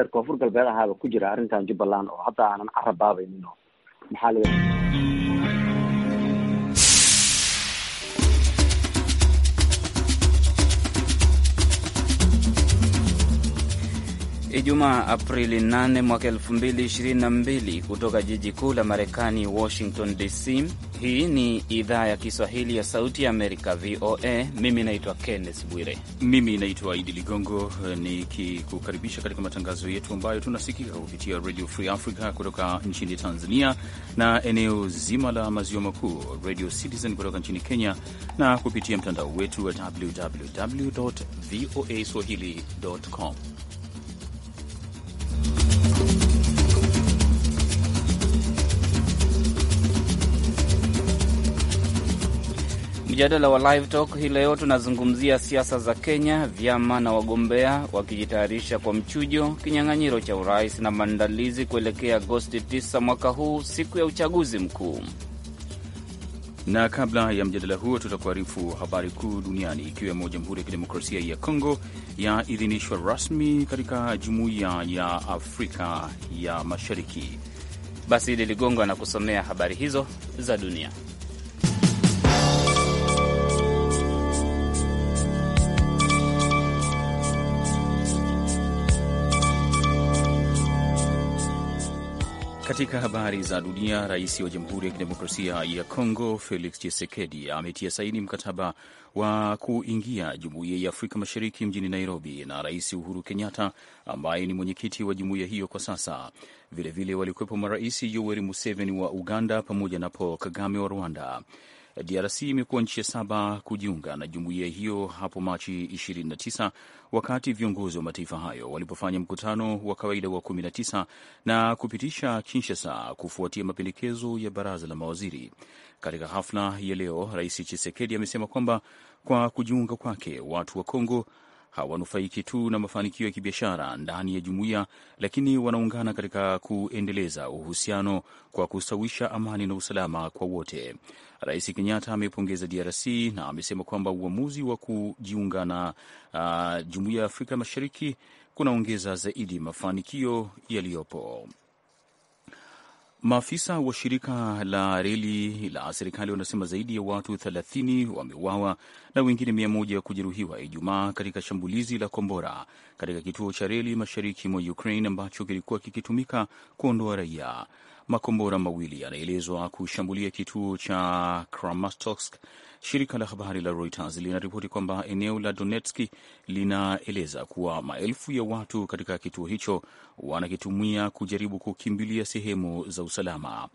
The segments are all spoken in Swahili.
reer koonfur galbeed ahaaba ku jira arrintan jubbaland oo hadda aanan carabaabaynin oo maxaa la Ijumaa Aprili 8 mwaka 2022 kutoka jiji kuu la Marekani, Washington DC. Hii ni idhaa ya Kiswahili ya Sauti ya Amerika, VOA. Mimi naitwa Kenneth Bwire. Mimi naitwa Idi Ligongo, nikikukaribisha katika matangazo yetu ambayo tunasikika kupitia Radio Free Africa kutoka nchini Tanzania na eneo zima la maziwa makuu, Radio Citizen kutoka nchini Kenya na kupitia mtandao wetu wa www voa swahili.com. Mjadala wa Live Talk hii leo tunazungumzia siasa za Kenya, vyama na wagombea wakijitayarisha kwa mchujo, kinyang'anyiro cha urais na maandalizi kuelekea Agosti 9 mwaka huu, siku ya uchaguzi mkuu na kabla ya mjadala huo tutakuarifu habari kuu duniani, ikiwemo Jamhuri ya Kidemokrasia ya Kongo yaidhinishwa rasmi katika Jumuiya ya Afrika ya Mashariki. Basi Idi Ligongo anakusomea habari hizo za dunia. Katika habari za dunia, rais wa Jamhuri ya Kidemokrasia ya Kongo Felix Tshisekedi ametia saini mkataba wa kuingia Jumuiya ya Afrika Mashariki mjini Nairobi na Rais Uhuru Kenyatta ambaye ni mwenyekiti wa jumuiya hiyo kwa sasa. Vilevile walikuwepo marais Yoweri Museveni wa Uganda pamoja na Paul Kagame wa Rwanda. DRC imekuwa nchi ya saba kujiunga na jumuiya hiyo hapo Machi 29 wakati viongozi wa mataifa hayo walipofanya mkutano wa kawaida wa 19 na kupitisha Kinshasa kufuatia mapendekezo ya baraza la mawaziri. Katika hafla ya leo, Rais chisekedi amesema kwamba kwa kujiunga kwake watu wa Kongo hawanufaiki tu na mafanikio ya kibiashara ndani ya jumuiya, lakini wanaungana katika kuendeleza uhusiano kwa kustawisha amani na usalama kwa wote. Rais Kenyatta amepongeza DRC na amesema kwamba uamuzi wa kujiunga na uh, jumuiya ya Afrika Mashariki kunaongeza zaidi mafanikio yaliyopo. Maafisa wa shirika la reli la serikali wanasema zaidi ya watu 30 wameuawa na wengine 100 kujeruhiwa Ijumaa katika shambulizi la kombora katika kituo cha reli mashariki mwa Ukraine ambacho kilikuwa kikitumika kuondoa raia. Makombora mawili yanaelezwa kushambulia kituo cha Kramatorsk. Shirika la habari la Reuters linaripoti kwamba eneo la Donetski linaeleza kuwa maelfu ya watu katika kituo hicho wanakitumia kujaribu kukimbilia sehemu za usalama.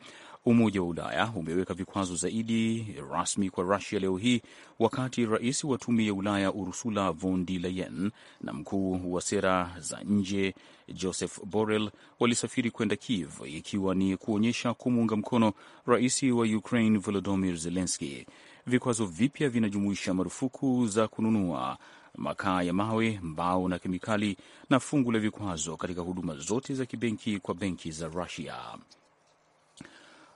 Umoja wa Ulaya umeweka vikwazo zaidi rasmi kwa Rusia leo hii, wakati rais wa tume ya Ulaya Ursula von der Leyen na mkuu wa sera za nje Joseph Borrell walisafiri kwenda Kiev, ikiwa ni kuonyesha kumuunga mkono rais wa Ukraine Volodymyr Zelensky. Vikwazo vipya vinajumuisha marufuku za kununua makaa ya mawe, mbao na kemikali, na fungu la vikwazo katika huduma zote za kibenki kwa benki za Rusia.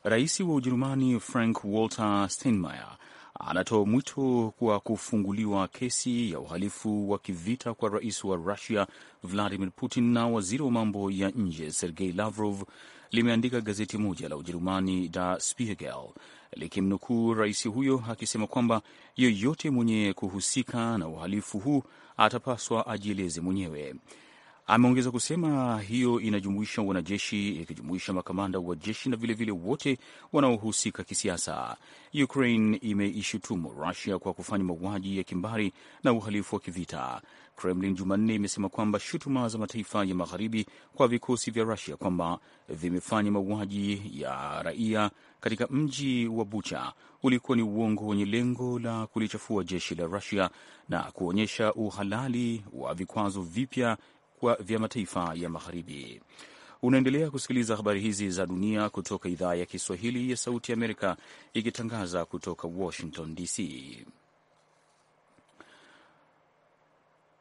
Rais wa Ujerumani Frank Walter Steinmeier anatoa mwito kwa kufunguliwa kesi ya uhalifu wa kivita kwa rais wa Russia Vladimir Putin na waziri wa mambo ya nje Sergei Lavrov, limeandika gazeti moja la Ujerumani da Spiegel likimnukuu rais huyo akisema kwamba yeyote mwenye kuhusika na uhalifu huu atapaswa ajieleze mwenyewe. Ameongeza kusema hiyo inajumuisha wanajeshi, ikijumuisha makamanda wa jeshi na vilevile vile wote wanaohusika kisiasa. Ukraine imeishutumu Rusia kwa kufanya mauaji ya kimbari na uhalifu wa kivita. Kremlin Jumanne imesema kwamba shutuma za mataifa ya magharibi kwa vikosi vya Rusia kwamba vimefanya mauaji ya raia katika mji wa Bucha ulikuwa ni uongo wenye lengo la kulichafua jeshi la Rusia na kuonyesha uhalali wa vikwazo vipya vya mataifa ya magharibi. Unaendelea kusikiliza habari hizi za dunia kutoka idhaa ya Kiswahili ya Sauti ya Amerika ikitangaza kutoka Washington DC.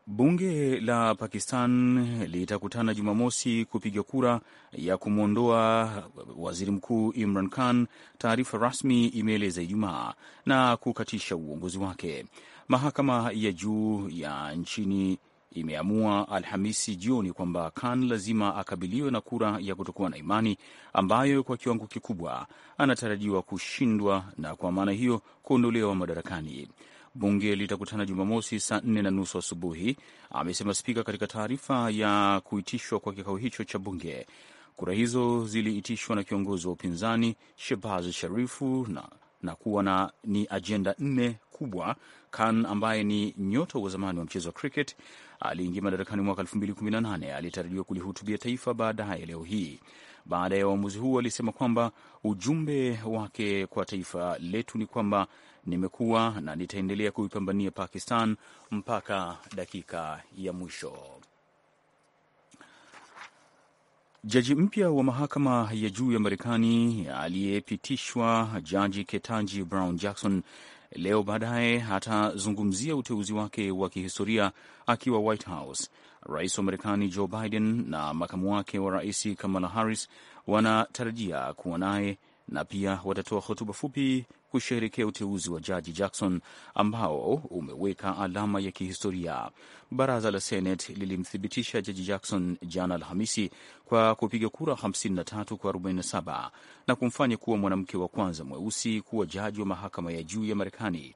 Bunge la Pakistan litakutana Jumamosi kupiga kura ya kumwondoa waziri mkuu Imran Khan, taarifa rasmi imeeleza Ijumaa, na kukatisha uongozi wake. Mahakama ya juu ya nchini imeamua Alhamisi jioni kwamba Khan lazima akabiliwe na kura ya kutokuwa na imani ambayo kwa kiwango kikubwa anatarajiwa kushindwa na kwa maana hiyo kuondolewa madarakani. Bunge litakutana Jumamosi saa nne na nusu asubuhi, amesema spika katika taarifa ya kuitishwa kwa kikao hicho cha bunge. Kura hizo ziliitishwa na kiongozi wa upinzani Shebaz Sharifu na, na kuwa na ni ajenda nne kubwa. Khan ambaye ni nyota wa zamani wa mchezo wa cricket aliingia madarakani mwaka 2018 alitarajiwa kulihutubia taifa baadaye leo hii. Baada ya uamuzi huu, alisema kwamba ujumbe wake kwa taifa letu ni kwamba nimekuwa na nitaendelea kuipambania Pakistan mpaka dakika ya mwisho. Jaji mpya wa mahakama ya juu ya Marekani aliyepitishwa Jaji Ketanji Brown Jackson Leo baadaye atazungumzia uteuzi wake wa kihistoria akiwa White House. Rais wa Marekani Joe Biden na makamu wake wa rais Kamala Harris wanatarajia kuwa naye na pia watatoa hotuba fupi kusherekea uteuzi wa jaji Jackson ambao umeweka alama ya kihistoria. Baraza la senet lilimthibitisha jaji Jackson jana Alhamisi kwa kupiga kura 53 kwa 47 na kumfanya kuwa mwanamke wa kwanza mweusi kuwa jaji wa mahakama ya juu ya Marekani.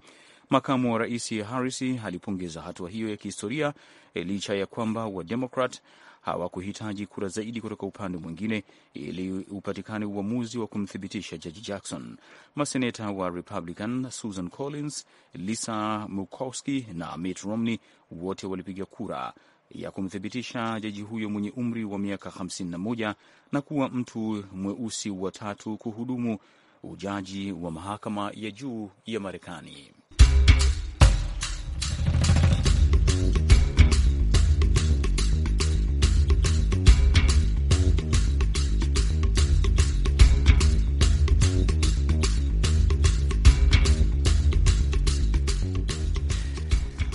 Makamu wa rais Harris alipongeza hatua hiyo ya kihistoria licha ya kwamba Wademokrat hawakuhitaji kura zaidi kutoka upande mwingine ili upatikane uamuzi wa kumthibitisha jaji Jackson. Maseneta wa Republican Susan Collins, Lisa Murkowski na Mitt Romney wote walipiga kura ya kumthibitisha jaji huyo mwenye umri wa miaka 51 na kuwa mtu mweusi wa tatu kuhudumu ujaji wa mahakama ya juu ya Marekani.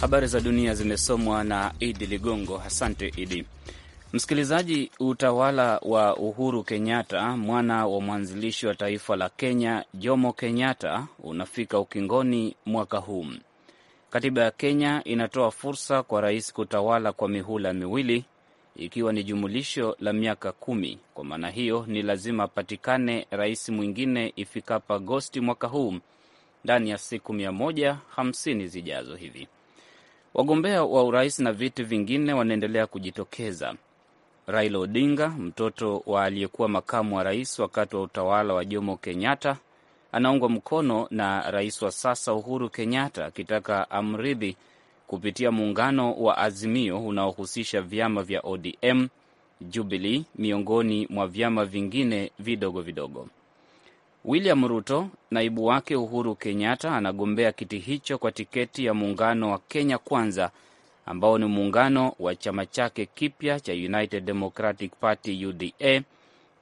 Habari za dunia zimesomwa na Idi Ligongo. Asante Idi. Msikilizaji, utawala wa Uhuru Kenyatta, mwana wa mwanzilishi wa taifa la Kenya Jomo Kenyatta, unafika ukingoni mwaka huu. Katiba ya Kenya inatoa fursa kwa rais kutawala kwa mihula miwili, ikiwa ni jumulisho la miaka kumi. Kwa maana hiyo, ni lazima apatikane rais mwingine ifikapo Agosti mwaka huu, ndani ya siku 150 zijazo hivi Wagombea wa urais na viti vingine wanaendelea kujitokeza. Raila Odinga, mtoto wa aliyekuwa makamu wa rais wakati wa utawala wa Jomo Kenyatta, anaungwa mkono na rais wa sasa Uhuru Kenyatta akitaka amridhi kupitia muungano wa Azimio unaohusisha vyama vya ODM, Jubilee miongoni mwa vyama vingine vidogo vidogo. William Ruto, naibu wake Uhuru Kenyatta, anagombea kiti hicho kwa tiketi ya muungano wa Kenya Kwanza, ambao ni muungano wa chama chake kipya cha United Democratic Party UDA,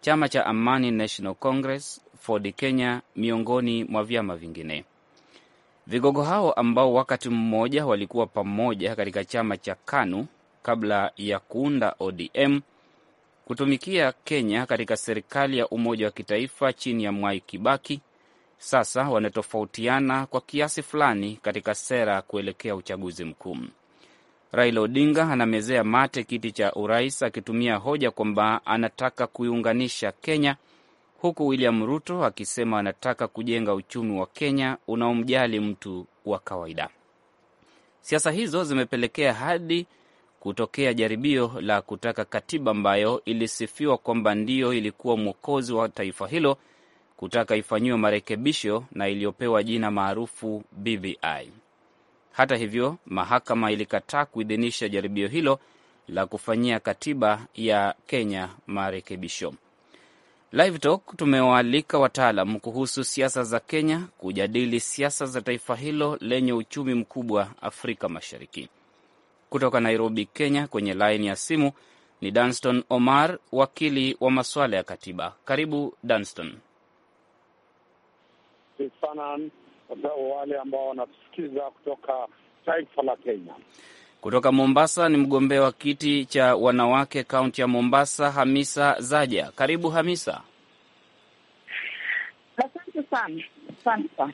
chama cha Amani National Congress, Ford Kenya, miongoni mwa vyama vingine. Vigogo hao ambao wakati mmoja walikuwa pamoja katika chama cha KANU kabla ya kuunda ODM kutumikia Kenya katika serikali ya umoja wa kitaifa chini ya Mwai Kibaki sasa wanatofautiana kwa kiasi fulani katika sera kuelekea uchaguzi mkuu. Raila Odinga anamezea mate kiti cha urais akitumia hoja kwamba anataka kuiunganisha Kenya, huku William Ruto akisema anataka kujenga uchumi wa Kenya unaomjali mtu wa kawaida. Siasa hizo zimepelekea hadi kutokea jaribio la kutaka katiba ambayo ilisifiwa kwamba ndiyo ilikuwa mwokozi wa taifa hilo kutaka ifanyiwe marekebisho na iliyopewa jina maarufu BBI. Hata hivyo, mahakama ilikataa kuidhinisha jaribio hilo la kufanyia katiba ya Kenya marekebisho. Live Talk tumewaalika wataalam kuhusu siasa za Kenya kujadili siasa za taifa hilo lenye uchumi mkubwa Afrika Mashariki. Kutoka Nairobi, Kenya, kwenye laini ya simu ni Danston Omar, wakili wa masuala ya katiba. Karibu Danston. wale ambao wanatusikiza kutoka taifa la Kenya. Kutoka Mombasa ni mgombea wa kiti cha wanawake kaunti ya Mombasa, Hamisa Zaja. Karibu Hamisa. Asante sana, asante sana.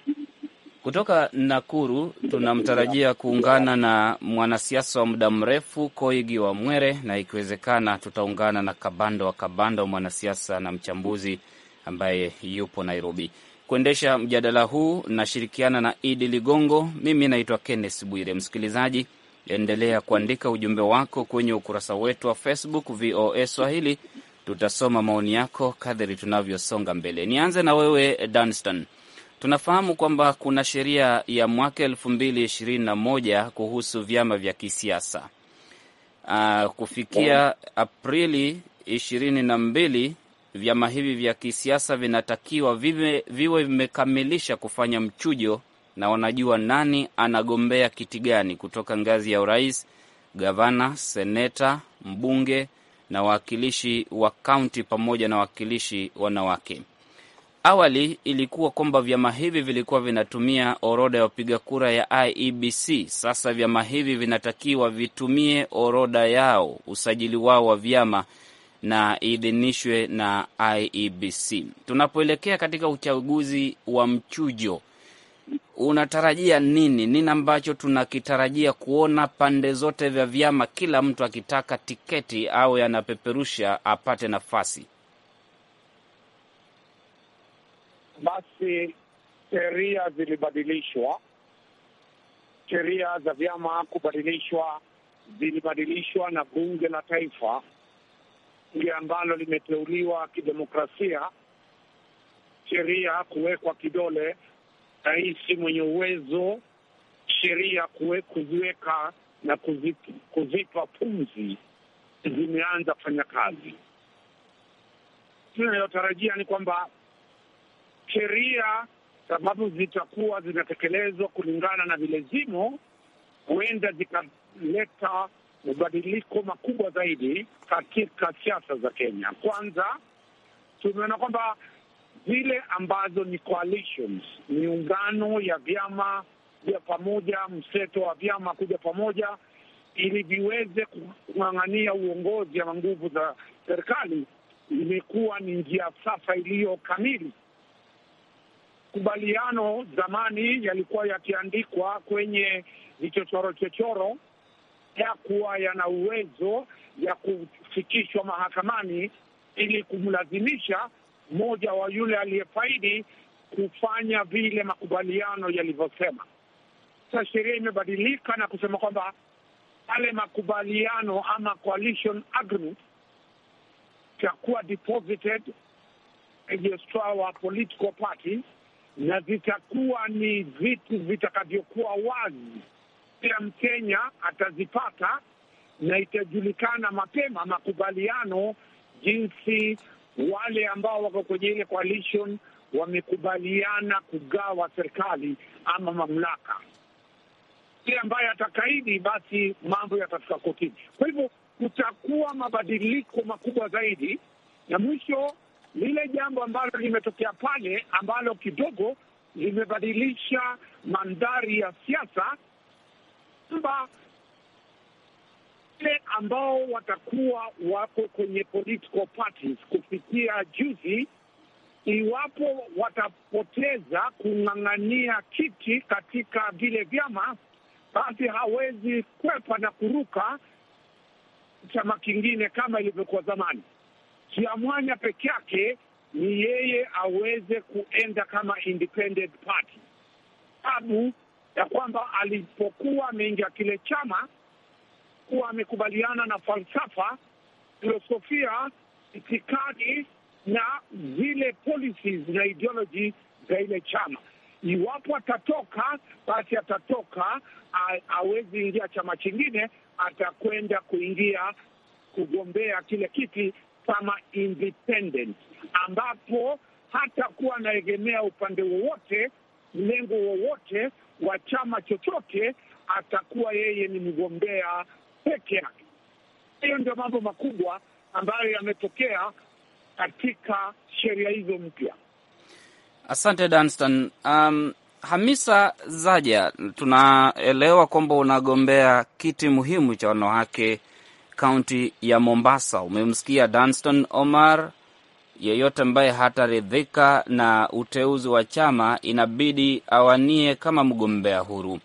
Kutoka Nakuru tunamtarajia kuungana na mwanasiasa wa muda mrefu Koigi wa Mwere, na ikiwezekana tutaungana na Kabando wa Kabando, mwanasiasa na mchambuzi ambaye yupo Nairobi kuendesha mjadala huu. Nashirikiana na Idi Ligongo. Mimi naitwa kennes Bwire. Msikilizaji, endelea kuandika ujumbe wako kwenye ukurasa wetu wa Facebook VOA Swahili. Tutasoma maoni yako kadri tunavyosonga mbele. Nianze na wewe Danstan Tunafahamu kwamba kuna sheria ya mwaka elfu mbili ishirini na moja kuhusu vyama vya kisiasa. aa, ah, kufikia Aprili ishirini na mbili vyama hivi vya kisiasa vinatakiwa viwe, viwe vimekamilisha kufanya mchujo na wanajua nani anagombea kiti gani kutoka ngazi ya urais, gavana, seneta, mbunge na wawakilishi wa kaunti pamoja na wawakilishi wanawake. Awali ilikuwa kwamba vyama hivi vilikuwa vinatumia orodha ya wapiga kura ya IEBC. Sasa vyama hivi vinatakiwa vitumie orodha yao, usajili wao wa vyama na iidhinishwe na IEBC. Tunapoelekea katika uchaguzi wa mchujo, unatarajia nini? Nini ambacho tunakitarajia kuona pande zote vya vyama, kila mtu akitaka tiketi au anapeperusha apate nafasi? basi sheria zilibadilishwa, sheria za vyama kubadilishwa, zilibadilishwa na bunge la taifa ili ambalo limeteuliwa kidemokrasia, sheria kuwekwa kidole rais mwenye uwezo, sheria kuziweka na kuzipa, kuzipa pumzi, zimeanza kufanya kazi. Tunayotarajia ni kwamba sheria sababu zitakuwa zinatekelezwa kulingana na vile zimo, huenda zikaleta mabadiliko makubwa zaidi katika siasa za Kenya. Kwanza tumeona kwamba zile ambazo ni coalitions, miungano ya vyama vya pamoja, mseto wa vyama kuja pamoja, ili viweze kung'ang'ania uongozi ama nguvu za serikali, imekuwa ni njia sasa iliyo kamili makubaliano zamani yalikuwa yakiandikwa kwenye vichochoro chochoro ya kuwa yana uwezo ya kufikishwa mahakamani ili kumlazimisha mmoja wa yule aliyefaidi kufanya vile makubaliano yalivyosema. Sasa sheria imebadilika na kusema kwamba yale makubaliano ama coalition agreement chakuwa deposited registrar wa political party na zitakuwa ni vitu vitakavyokuwa wazi, kila Mkenya atazipata na itajulikana mapema makubaliano, jinsi wale ambao wako kwenye ile coalition wamekubaliana kugawa serikali ama mamlaka. Kile ambaye atakaidi, basi mambo yatafika kotini. Kwa hivyo kutakuwa mabadiliko makubwa zaidi, na mwisho lile jambo ambalo limetokea pale ambalo kidogo limebadilisha mandhari ya siasa, kwamba wale ambao watakuwa wako kwenye political parties kufikia juzi, iwapo watapoteza kung'ang'ania kiti katika vile vyama, basi hawezi kwepa na kuruka chama kingine kama ilivyokuwa zamani. Kila mwanya peke yake ni yeye aweze kuenda kama independent party, sababu ya kwamba alipokuwa ameingia kile chama kuwa amekubaliana na falsafa, filosofia, itikadi na zile policies na ideology za ile chama. Iwapo atatoka basi atatoka, awezi ingia chama chingine, atakwenda kuingia kugombea kile kiti kama independent, ambapo hatakuwa anaegemea upande wowote, mlengo wowote wa chama chochote. Atakuwa yeye ni mgombea peke yake. Hiyo ndio mambo makubwa ambayo yametokea katika sheria hizo mpya. Asante Danstan. Um, Hamisa Zaja, tunaelewa kwamba unagombea kiti muhimu cha wanawake kaunti ya Mombasa. Umemsikia Danston Omar, yeyote ambaye hataridhika na uteuzi wa chama inabidi awanie kama mgombea huru.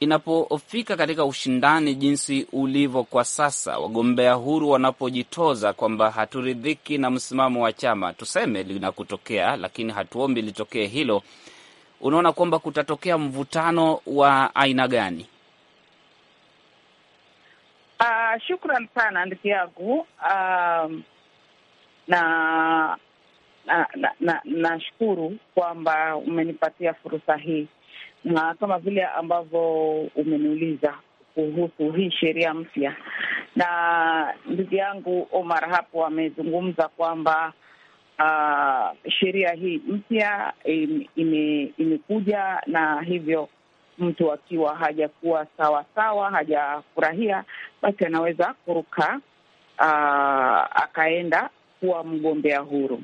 Inapofika katika ushindani jinsi ulivyo kwa sasa, wagombea huru wanapojitoza kwamba haturidhiki na msimamo wa chama, tuseme linakutokea, lakini hatuombi litokee hilo, unaona kwamba kutatokea mvutano wa aina gani? Uh, shukran sana ndugu yangu. Uh, um, na nashukuru na, na, na kwamba umenipatia fursa hii, na kama vile ambavyo umeniuliza kuhusu hii sheria mpya, na ndugu yangu Omar hapo amezungumza kwamba uh, sheria hii mpya imekuja ime, ime na hivyo mtu akiwa hajakuwa sawa sawa, hajafurahia, basi anaweza kuruka uh, akaenda kuwa mgombea huru.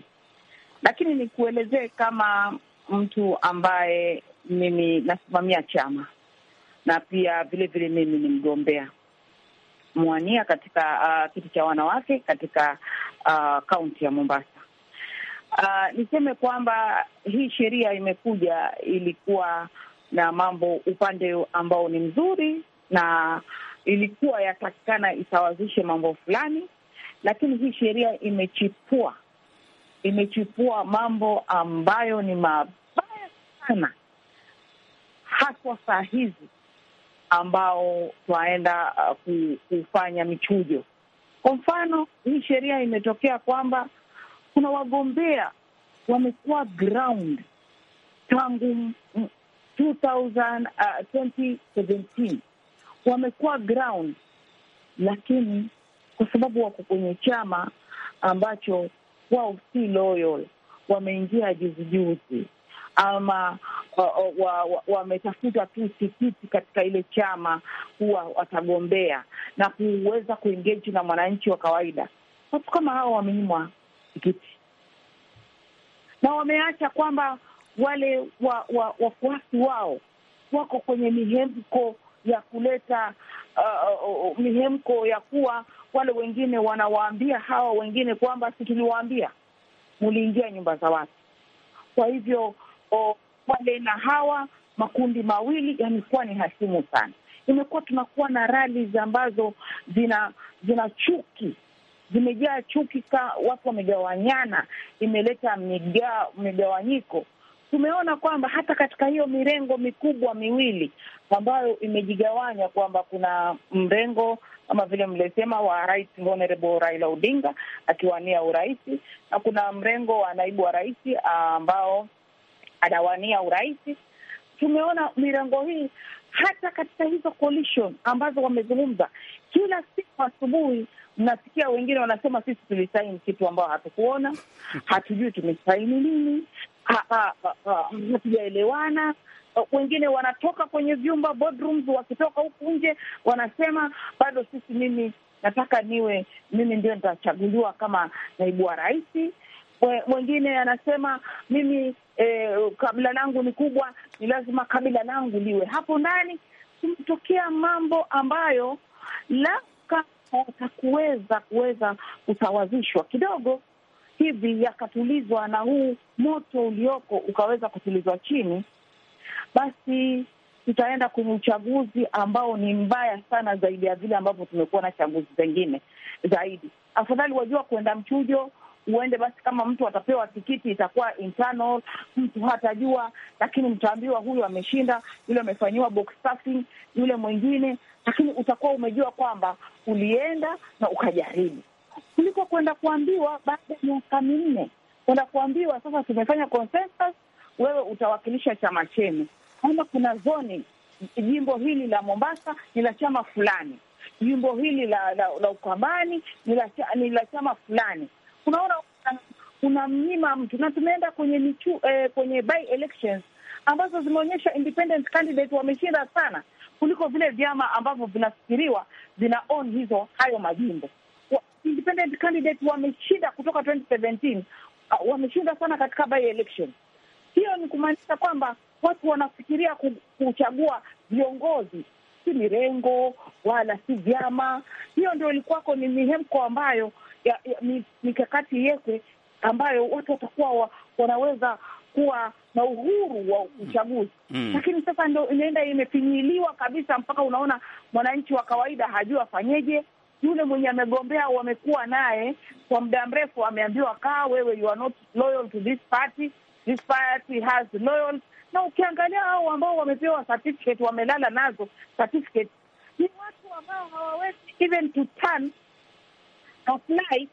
Lakini nikuelezee kama mtu ambaye mimi nasimamia chama na pia vilevile mimi ni mgombea mwania katika uh, kiti cha wanawake katika ah, kaunti uh, ya Mombasa. Uh, niseme kwamba hii sheria imekuja ilikuwa na mambo upande ambao ni mzuri, na ilikuwa yatakikana isawazishe mambo fulani, lakini hii sheria imechipua imechipua mambo ambayo ni mabaya sana, haswa saa hizi ambao twaenda uh, kufanya michujo. Kwa mfano, hii sheria imetokea kwamba kuna wagombea wamekuwa ground tangu 2017 uh, wamekuwa ground, lakini kwa sababu wako kwenye chama ambacho wao si loyal, wameingia juzijuzi ama wametafuta wa, wa, wa tu tikiti katika ile chama huwa watagombea na kuweza kuengeji na mwananchi wa kawaida. Watu kama hawa wamenyimwa tikiti na wameacha kwamba wale wa, wa, wafuasi wao wako kwenye mihemko ya kuleta uh, uh, uh, mihemko ya kuwa wale wengine wanawaambia hawa wengine kwamba si tuliwaambia muliingia nyumba za watu. Kwa hivyo oh, wale na hawa makundi mawili yamekuwa ni hasimu sana. Imekuwa tunakuwa na rali ambazo zina zina chuki, zimejaa chuki ka watu wamegawanyana, imeleta migawanyiko tumeona kwamba hata katika hiyo mirengo mikubwa miwili ambayo imejigawanya kwamba kuna mrengo kama vile mlisema wa Rais Honorable Raila Odinga akiwania urais na kuna mrengo wa naibu wa rais ah, ambao anawania urais. Tumeona mirengo hii hata katika hizo coalition ambazo wamezungumza, kila siku asubuhi mnasikia wengine wanasema sisi tulisaini kitu ambao hatukuona, hatujui tumesaini nini, hatujaelewana. Mm, uh, wengine wanatoka kwenye vyumba boardrooms, wakitoka huku nje wanasema bado sisi, mimi nataka niwe mimi ndio nitachaguliwa kama naibu wa rais. mwengine anasema mimi eh, kabila langu ni kubwa, ni lazima kabila langu liwe hapo ndani. Kumetokea mambo ambayo la atakuweza kuweza kusawazishwa kidogo hivi yakatulizwa na huu moto ulioko ukaweza kutulizwa chini, basi tutaenda kwenye uchaguzi ambao ni mbaya sana zaidi ya vile ambavyo tumekuwa na chaguzi zengine zaidi. Afadhali wajua kuenda mchujo, uende basi. Kama mtu atapewa tikiti itakuwa internal, mtu hatajua, lakini mtaambiwa huyu ameshinda, yule amefanyiwa box stuffing, yule mwingine, lakini utakuwa umejua kwamba ulienda na ukajaribu kuliko kwenda kuambiwa baada ya miaka minne, kwenda kuambiwa sasa tumefanya consensus, wewe utawakilisha chama chenu, kama kuna zoni, jimbo hili la Mombasa ni la chama fulani, jimbo hili la la, la Ukambani ni la, ni la chama fulani. Unaona, unamnyima mtu na tumeenda kwenye michu, eh, kwenye by elections ambazo zimeonyesha independent candidate wameshinda sana kuliko vile vyama ambavyo vinafikiriwa vina own hizo hayo majimbo independent candidate wameshinda kutoka 2017 uh, ah, wameshinda sana katika by election. Hiyo ni kumaanisha kwamba watu wanafikiria kuchagua viongozi, si mirengo wala si vyama. Hiyo ndio ilikuwako ni mihemko ambayo ya, ya, mikakati yekwe ambayo watu watakuwa wa, wanaweza kuwa na uhuru wa uchaguzi mm. mm. Lakini sasa ndo inaenda imefinyiliwa kabisa, mpaka unaona mwananchi wa kawaida hajui afanyeje, yule mwenye amegombea wamekuwa naye kwa muda mrefu, ameambiwa kaa wewe, you are not loyal to this party, this party has loyal. Na ukiangalia hao ambao wamepewa certificate, wamelala nazo certificate, ni watu ambao hawawezi even to turn into a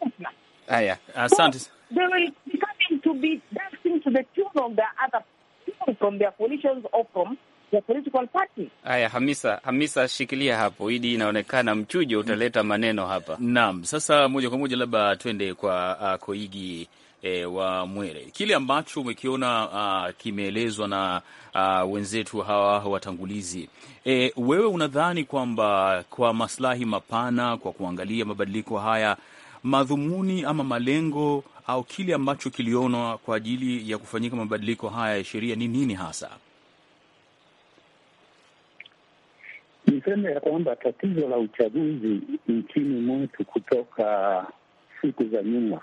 butterfly. asante. they will be coming to be dancing to the tune of the other people from their coalitions or from ya political party. Haya, Hamisa, Hamisa shikilia hapo, hili inaonekana mchujo utaleta maneno hapa. Naam, sasa moja kwa moja labda twende kwa uh, Koigi E, wa Mwere, kile ambacho umekiona uh, kimeelezwa na uh, wenzetu hawa watangulizi e, wewe unadhani kwamba kwa maslahi mapana, kwa kuangalia mabadiliko haya, madhumuni ama malengo au kile ambacho kilionwa kwa ajili ya kufanyika mabadiliko haya ya sheria ni nini hasa? Niseme ya kwamba tatizo la uchaguzi nchini mwetu kutoka siku za nyuma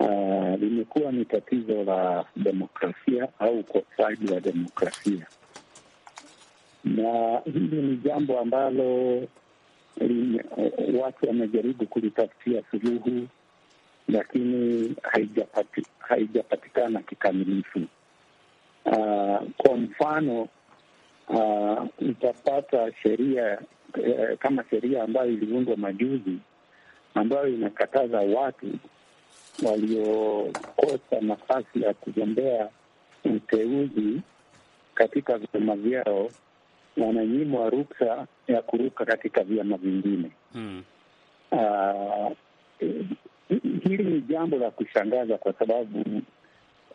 ah, limekuwa ni tatizo la demokrasia au ukosaji wa demokrasia, na hili ni jambo ambalo watu wamejaribu kulitafutia suluhu, lakini haijapati, haijapatikana kikamilifu. Uh, kwa mfano uh, ah, itapata sheria uh, kama sheria ambayo iliundwa majuzi ambayo inakataza watu waliokosa nafasi ya kugombea uteuzi katika vyama vyao wananyimwa ruksa ya kuruka katika vyama vingine. Hmm. Uh, hili ni jambo la kushangaza kwa sababu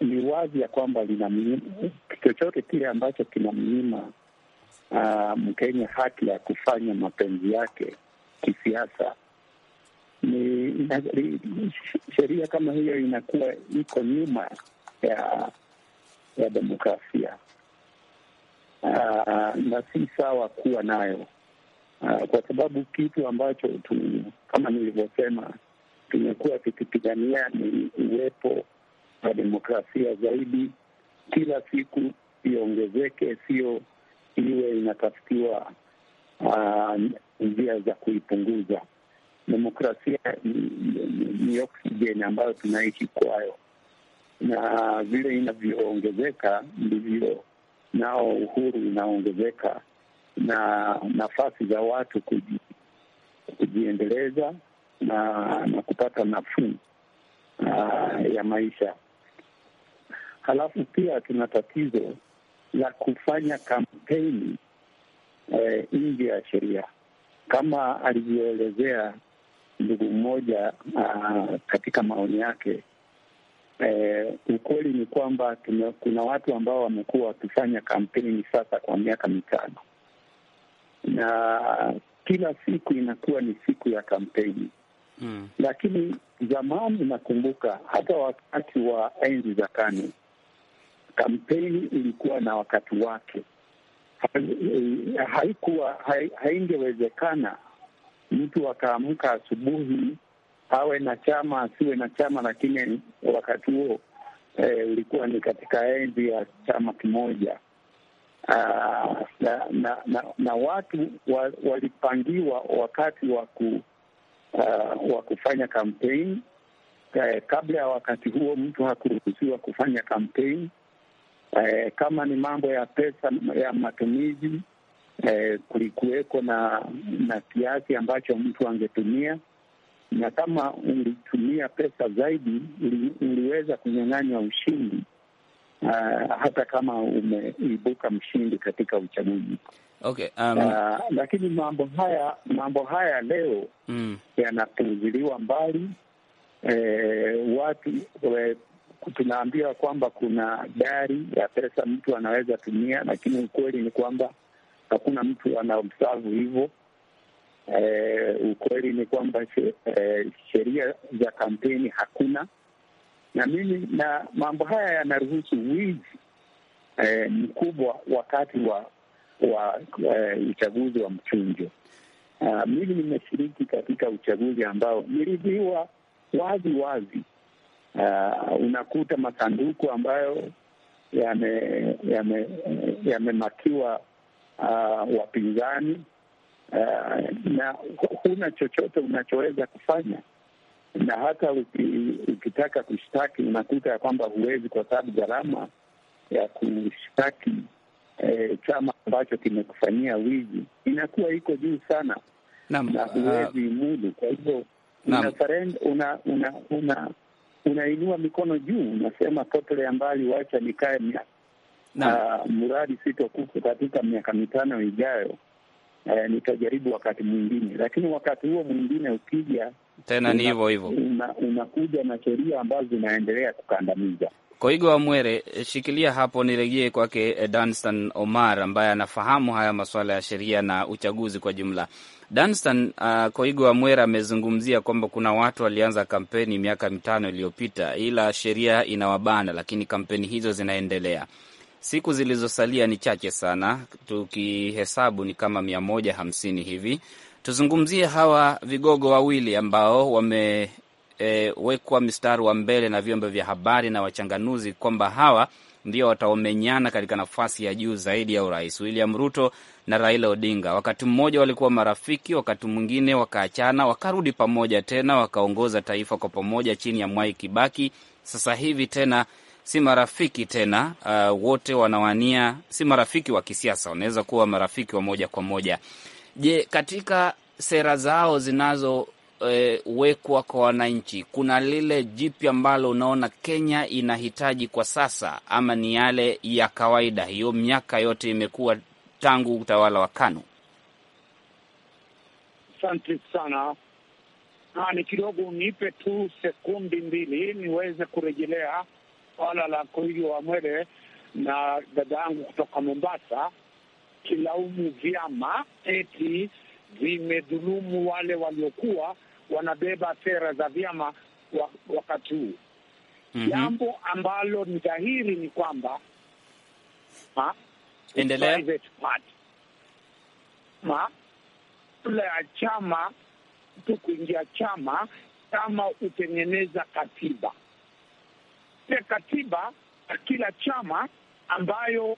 ni wazi ya kwamba lina chochote kile ambacho kinamnyima uh, Mkenya haki ya kufanya mapenzi yake kisiasa. Ni sheria kama hiyo inakuwa iko nyuma ya ya demokrasia uh, na si sawa kuwa nayo uh, kwa sababu kitu ambacho tu, kama nilivyosema tumekuwa tukipigania ni uwepo wa demokrasia zaidi, kila siku iongezeke, sio iwe inatafutiwa uh, njia za kuipunguza. Demokrasia ni oksijeni ambayo tunaishi kwayo, na vile inavyoongezeka ndivyo nao uhuru unaongezeka na nafasi za watu kuji, kujiendeleza na na kupata nafuu uh, ya maisha. Halafu pia tuna tatizo la kufanya kampeni eh, nje ya sheria kama alivyoelezea ndugu mmoja uh, katika maoni yake. Eh, ukweli ni kwamba kuna watu ambao wamekuwa wakifanya kampeni sasa kwa miaka mitano na kila siku inakuwa ni siku ya kampeni mm. Lakini zamani nakumbuka hata wakati wa enzi za KANU kampeni ilikuwa na wakati wake. Eh, haikuwa haingewezekana mtu akaamka asubuhi awe na chama asiwe na chama, lakini wakati huo e, ulikuwa ni katika enzi ya chama kimoja. Aa, ah, na, na, na, na watu wa, walipangiwa wakati wa ku uh, wa kufanya kampeni. Eh, kabla ya wakati huo mtu hakuruhusiwa kufanya kampeni, eh, kama ni mambo ya pesa ya matumizi eh, kulikuweko na na kiasi ambacho mtu angetumia, na kama ulitumia pesa zaidi uli, uliweza kunyang'anywa ushindi. Uh, hata kama umeibuka mshindi katika uchaguzi. Okay, um... uh, lakini mambo haya mambo haya leo mm, yanapunguziliwa mbali. E, watu tunaambiwa kwamba kuna dari ya pesa mtu anaweza tumia, lakini ukweli ni kwamba hakuna mtu anaobsavu hivyo. E, ukweli ni kwamba eh, sheria za kampeni hakuna, na mimi na mambo haya yanaruhusu wizi e, mkubwa wakati wa wa e, uchaguzi wa mchunjo. Ah, mimi nimeshiriki katika uchaguzi ambao nilibiwa wazi wazi uh, unakuta masanduku ambayo yamemakiwa yame, yame uh, wapinzani uh, na huna chochote unachoweza kufanya, na hata uki, ukitaka kushtaki unakuta ya kwamba huwezi kwa sababu gharama ya kushtaki eh, chama ambacho kimekufanyia wizi inakuwa iko juu sana na huwezi uh, mudu. Kwa hivyo una, una, una, una unainua mikono juu, unasema potele ambali, wacha nikae na ah, mradi sitokufa katika miaka mitano ijayo. E, nitajaribu wakati mwingine, lakini wakati huo mwingine ukija tena ni hivyo hivyo, unakuja na sheria ambazo zinaendelea kukandamiza. Koigo wa Mwere, eh, shikilia hapo, nirejee kwake eh, Danstan Omar ambaye anafahamu haya masuala ya sheria na uchaguzi kwa jumla. Danstan, uh, ah, Koigo wa Mwere amezungumzia kwamba kuna watu walianza kampeni miaka mitano iliyopita, ila sheria inawabana, lakini kampeni hizo zinaendelea. Siku zilizosalia ni chache sana, tukihesabu ni kama mia moja hamsini hivi. Tuzungumzie hawa vigogo wawili ambao wame e, wekwa mstari wa mbele na vyombo vya habari na wachanganuzi kwamba hawa ndio wataomenyana katika nafasi ya juu zaidi ya urais. William Ruto na Raila Odinga wakati mmoja walikuwa marafiki, wakati mwingine wakaachana, wakarudi pamoja tena, wakaongoza taifa kwa pamoja chini ya Mwai Kibaki. Sasa hivi tena si marafiki tena, uh, wote wanawania, si marafiki wa kisiasa, wanaweza kuwa marafiki wa moja kwa moja. Je, katika sera zao zinazo kuwekwa kwa wananchi, kuna lile jipya ambalo unaona Kenya inahitaji kwa sasa, ama ni yale ya kawaida hiyo miaka yote imekuwa tangu utawala wa KANU? Asante sana. Ha, ni kidogo nipe tu sekundi mbili niweze kurejelea swala la Koigi wa mwele na dada yangu kutoka Mombasa kilaumu vyama eti vimedhulumu wale waliokuwa wanabeba sera za vyama wakati huu. Mhm. Jambo mm -hmm. ambalo ni dhahiri ni kwamba kabla ya chama mtu kuingia chama, chama hutengeneza katiba. Ile katiba ya kila chama ambayo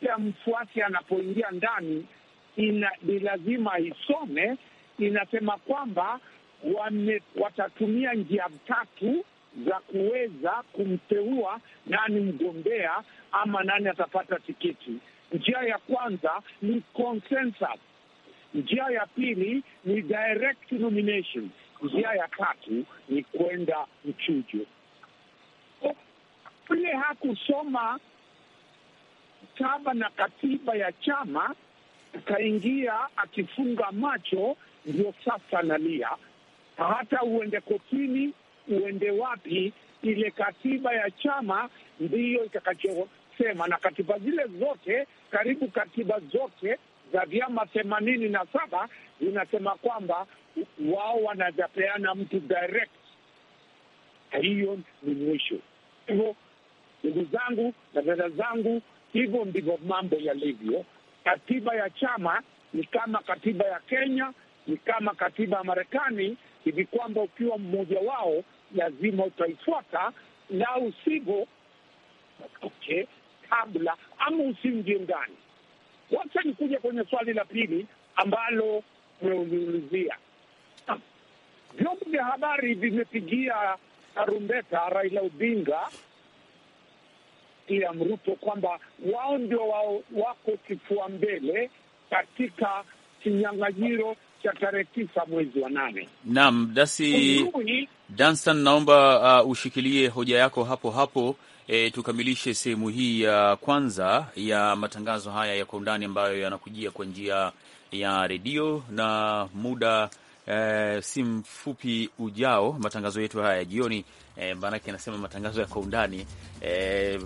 kila mfuasi anapoingia ndani, ina ni lazima isome, inasema kwamba wame, watatumia njia tatu za kuweza kumteua nani mgombea ama nani atapata tikiti. Njia ya kwanza ni consensus, njia ya pili ni direct nomination, njia ya tatu ni kwenda mchujo. Vile hakusoma taba na katiba ya chama, akaingia akifunga macho, ndio sasa analia hata uende kotini, uende wapi, ile katiba ya chama ndiyo itakachosema. Na katiba zile zote, karibu katiba zote za vyama themanini na saba zinasema kwamba wao wanazapeana mtu direct. Hiyo ni mwisho. Hivyo ndugu zangu na dada zangu, hivyo ndivyo mambo yalivyo. Katiba ya chama ni kama katiba ya Kenya ni kama katiba ya Marekani hivi kwamba ukiwa mmoja wao lazima utaifuata, la usivyo okay, kabla ama usiingie ndani. Wacha nikuja kwenye swali la pili ambalo umeuliulizia. Vyombo vya habari vimepigia tarumbeta Raila Odinga ya Mruto kwamba wao ndio wao wako kifua mbele katika kinyang'anyiro cha tarehe tisa mwezi wa nane. Naam, dasi Danstan, naomba uh, ushikilie hoja yako hapo hapo. E, tukamilishe sehemu hii ya kwanza ya matangazo haya ya kwa undani ambayo yanakujia kwa njia ya redio na muda e, si mfupi ujao matangazo yetu haya ya jioni e, maanake anasema matangazo ya kwa undani e,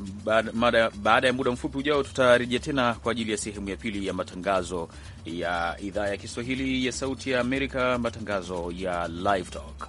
baada, baada ya muda mfupi ujao tutarejea tena kwa ajili ya sehemu ya pili ya matangazo ya idhaa ya Kiswahili ya Sauti ya Amerika, matangazo ya Live Talk.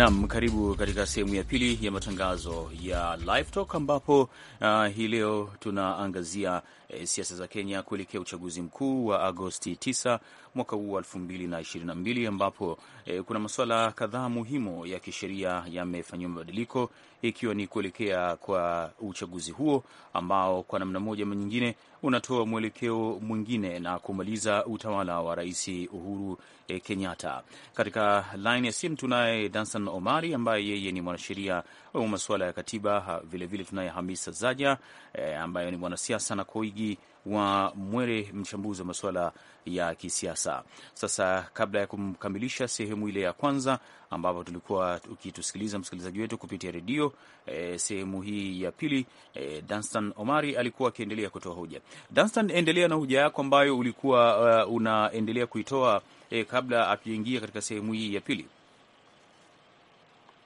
Nam, karibu katika sehemu ya pili ya matangazo ya Live Talk ambapo uh, hii leo tunaangazia e, siasa za Kenya kuelekea uchaguzi mkuu wa Agosti 9 mwaka huu wa 2022 ambapo e, kuna masuala kadhaa muhimu ya kisheria yamefanyiwa mabadiliko ikiwa ni kuelekea kwa uchaguzi huo ambao kwa namna moja ama nyingine unatoa mwelekeo mwingine na kumaliza utawala wa Rais Uhuru e, Kenyatta. Katika lin ya simu tunaye Dansan Omari ambaye yeye ni mwanasheria masuala ya katiba. Vilevile tunaye Hamisa Zaja e, ambaye ni mwanasiasa na Koigi wa Mwere, mchambuzi wa masuala ya kisiasa. Sasa kabla ya kumkamilisha sehemu ile ya kwanza ambapo tulikuwa ukitusikiliza msikilizaji wetu kupitia redio e, sehemu hii ya pili e, Danstan Omari alikuwa akiendelea kutoa hoja. Danstan, endelea na hoja yako ambayo ulikuwa uh, unaendelea kuitoa e, kabla akiingia katika sehemu hii ya pili.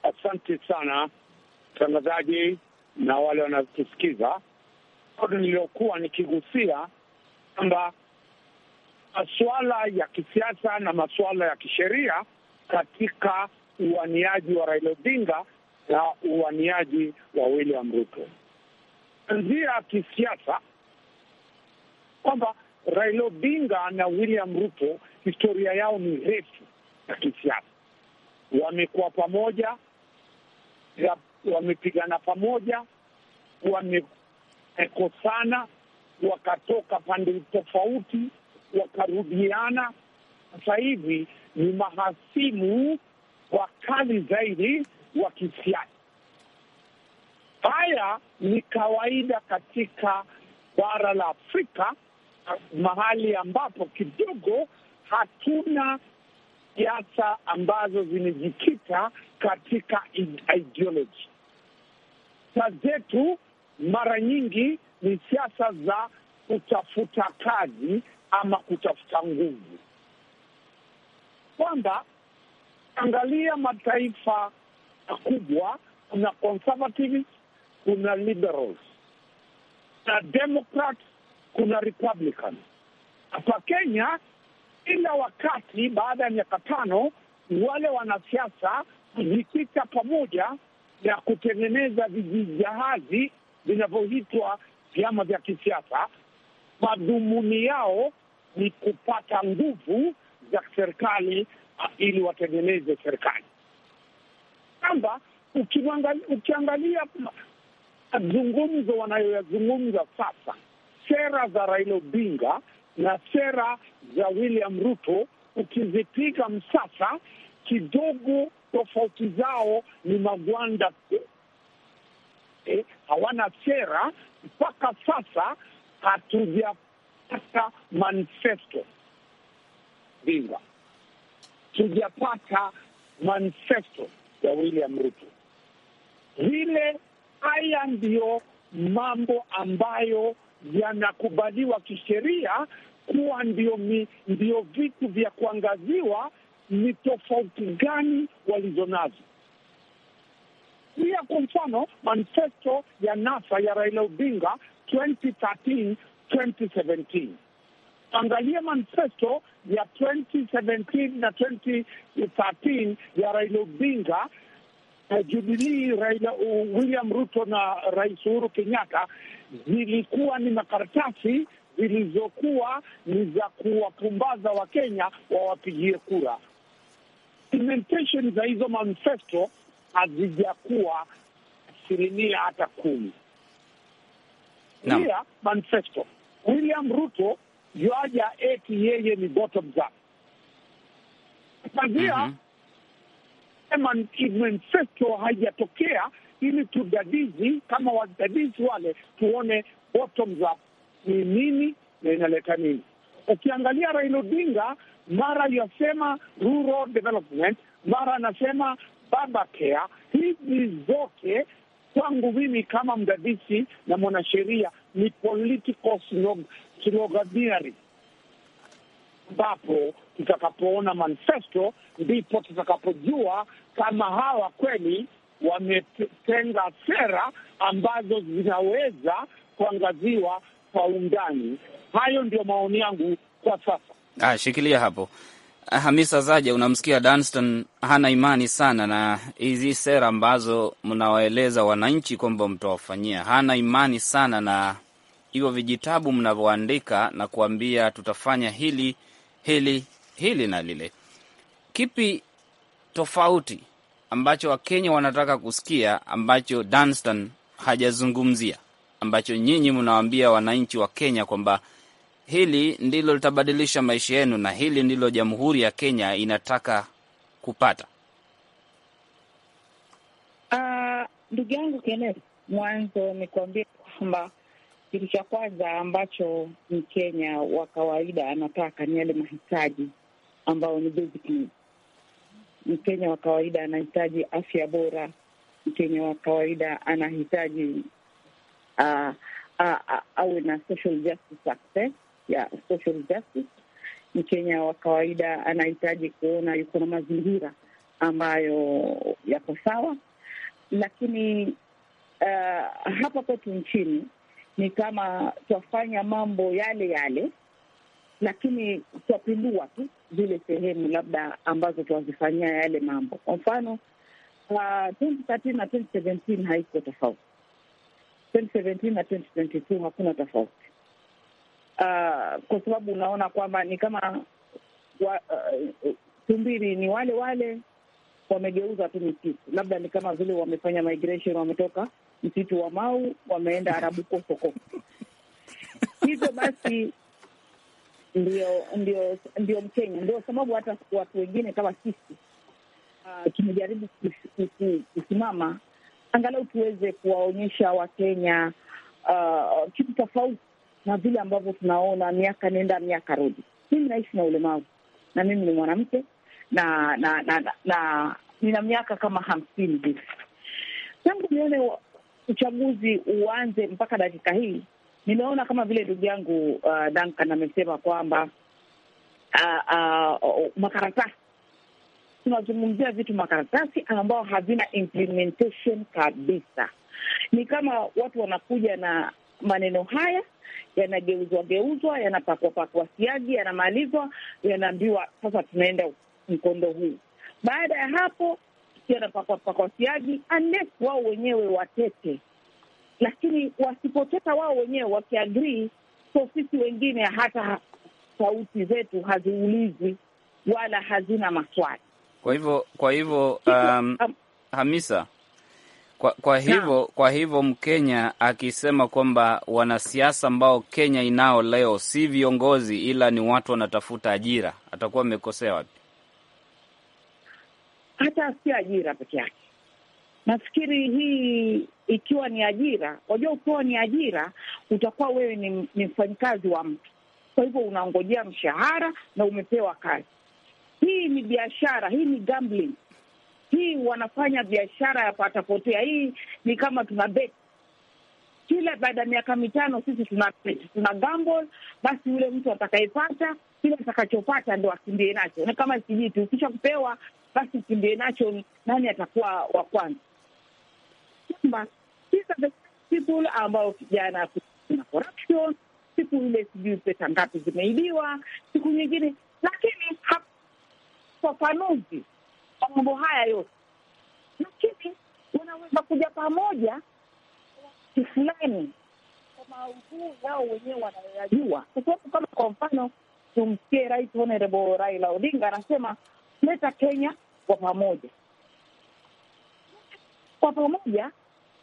Asante sana mtangazaji na wale wanatusikiza, bado niliokuwa nikigusia kwamba masuala ya kisiasa na masuala ya kisheria katika uwaniaji wa Raila Odinga na uwaniaji wa William Ruto, njia ya kisiasa kwamba Raila Odinga na William Ruto historia yao ni refu ya kisiasa, wamekuwa pamoja wamepigana pamoja, wamekosana, wakatoka pande tofauti, wakarudiana. Sasa hivi ni mahasimu wakali zaidi wa kisiasa. Haya ni kawaida katika bara la Afrika, mahali ambapo kidogo hatuna siasa ambazo zimejikita katika ideology siasa zetu mara nyingi ni siasa za kutafuta kazi ama kutafuta nguvu, kwamba angalia mataifa makubwa, kuna conservatives, kuna liberals, na democrats, kuna republicans. Hapa Kenya kila wakati baada ya miaka tano wale wanasiasa hujikita pamoja ya kutengeneza vijijahazi vinavyoitwa vyama vya kisiasa. Madhumuni yao ni kupata nguvu za serikali ah, ili watengeneze serikali. Kwamba ukiangalia mazungumzo wanayoyazungumza sasa, sera za Raila Odinga na sera za William Ruto, ukizipiga msasa kidogo tofauti zao ni magwanda eh, hawana sera. Mpaka sasa hatujapata manifesto bingwa, tujapata manifesto ya William Ruto. Vile haya ndiyo mambo ambayo yanakubaliwa kisheria kuwa ndio, mi, ndio vitu vya kuangaziwa ni tofauti gani walizonazo. Pia kwa mfano, manifesto ya NASA ya Raila Odinga 2013 2017, angalia manifesto ya 2017 na 2013 ya Raila Odinga na eh, Jubilii Raila uh, William Ruto na Rais Uhuru Kenyatta zilikuwa ni makaratasi zilizokuwa ni za kuwapumbaza Wakenya wawapigie kura implementation za hizo manifesto hazijakuwa asilimia hata kumi. Pia manifesto William Ruto yuaja eti yeye ni bottom up kazia mm -hmm. manifesto haijatokea ili tudadizi kama wadadizi wale tuone bottom up ni nini na inaleta nini. Ukiangalia Raila Odinga mara yasema rural development, mara anasema baba care. Hizi zote kwangu mimi kama mdadisi na mwanasheria ni political sloganeering, ambapo tutakapoona manifesto ndipo tutakapojua kama hawa kweli wametenga sera ambazo zinaweza kuangaziwa kwa undani. Hayo ndio maoni yangu kwa sasa. Ah, shikilia hapo. Ah, Hamisa Zaja, unamsikia Danston hana imani sana na hizi sera ambazo mnawaeleza wananchi kwamba mtawafanyia. Hana imani sana na hivyo vijitabu mnavyoandika na kuambia tutafanya hili hili hili na lile. Kipi tofauti ambacho Wakenya wanataka kusikia ambacho Danston hajazungumzia ambacho nyinyi mnawaambia wananchi wa Kenya kwamba hili ndilo litabadilisha maisha yenu na hili ndilo Jamhuri ya Kenya inataka kupata? Ah, ndugu uh, yangu Kenneth, mwanzo nikuambia kwamba kitu cha kwanza ambacho Mkenya wa kawaida anataka ni yale mahitaji ambayo ni basic Mkenya wa kawaida anahitaji afya bora. Mkenya wa kawaida anahitaji uh, uh, uh, awe na social justice access ya social justice. Mkenya wa kawaida anahitaji kuona yuko na mazingira ambayo yako sawa, lakini uh, hapa kwetu nchini ni kama twafanya mambo yale yale, lakini twapindua tu zile sehemu labda ambazo twazifanyia yale mambo. Kwa mfano uh, 2013 na 2017 haiko tofauti, 2017 na 2022 hakuna tofauti uh, kwa sababu unaona kwamba ni kama wa, uh, tumbili ni wale wale wamegeuza tu misitu, labda ni kama vile wamefanya migration, wametoka msitu wa Mau wameenda Arabu Kosoko. Hivyo basi ndio ndio ndio Mkenya, ndio sababu hata watu wengine kama sisi uh, tumejaribu kusimama angalau tuweze kuwaonyesha Wakenya uh, kitu tofauti na vile ambavyo tunaona miaka nenda miaka rudi. Mimi naishi na ulemavu na mimi ni mwanamke na na, na, na, na nina miaka kama hamsini hivi tangu nione uchaguzi uanze mpaka dakika hii nimeona kama vile ndugu yangu uh, Duncan amesema kwamba uh, uh, makaratasi tunazungumzia vitu makaratasi ambao havina implementation kabisa. Ni kama watu wanakuja na maneno haya yanageuzwa geuzwa, yanapakwa pakwa siagi, yanamalizwa, yanaambiwa sasa tunaenda mkondo huu. Baada ya hapo yanapakwa pakwa siagi, unless wao wenyewe watete, lakini wasipoteta wao wenyewe wakiagrii, so sisi wengine hata sauti zetu haziulizwi wala hazina maswali. Kwa hivyo kwa hivyo um, Hamisa kwa, kwa hivyo kwa hivyo Mkenya akisema kwamba wanasiasa ambao Kenya inao leo si viongozi ila ni watu wanatafuta ajira, atakuwa amekosea wapi? Hata si ajira peke yake, nafikiri hii ikiwa ni ajira, wajua, ukiwa ni ajira utakuwa wewe ni, ni mfanyikazi wa mtu, kwa hivyo unangojea mshahara na umepewa kazi. Hii ni biashara, hii ni gambling hii wanafanya biashara ya patapotea. Hii ni kama tuna bet kila baada ya miaka mitano, sisi tuna tuna gamble, basi yule mtu atakayepata kile atakachopata ndo akimbie nacho, na kama kijiti ukisha kupewa basi kimbie nacho. Nani atakuwa wa kwanza? People ambao kijana kuna corruption siku ile, sijui pesa ngapi zimeibiwa siku nyingine, lakini hapafanuzi kwa mambo haya yote, lakini wanaweza kuja pamoja fulani kwa maudhui yao wenyewe wanayoyajua, kwa sababu kama kwa mfano tumsikie Rais Honorable Raila Odinga anasema leta Kenya kwa pamoja. Kwa pamoja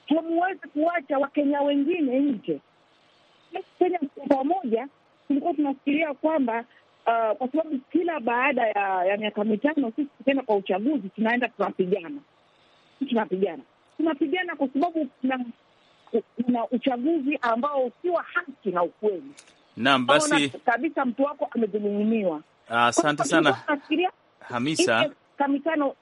hamuwezi kuwacha Wakenya wengine nje. Kenya kwa pamoja, tulikuwa tunafikiria kwamba Eh, kwa sababu kila baada ya, ya miaka mitano sisi tukienda kwa uchaguzi tunaenda tunapigana, tunapigana, tunapigana kwa sababu una uchaguzi ambao sio haki na ukweli. Naam, basi kabisa mtu wako amedhulumiwa. Ah, asante uh, sana Hamisa kamitano.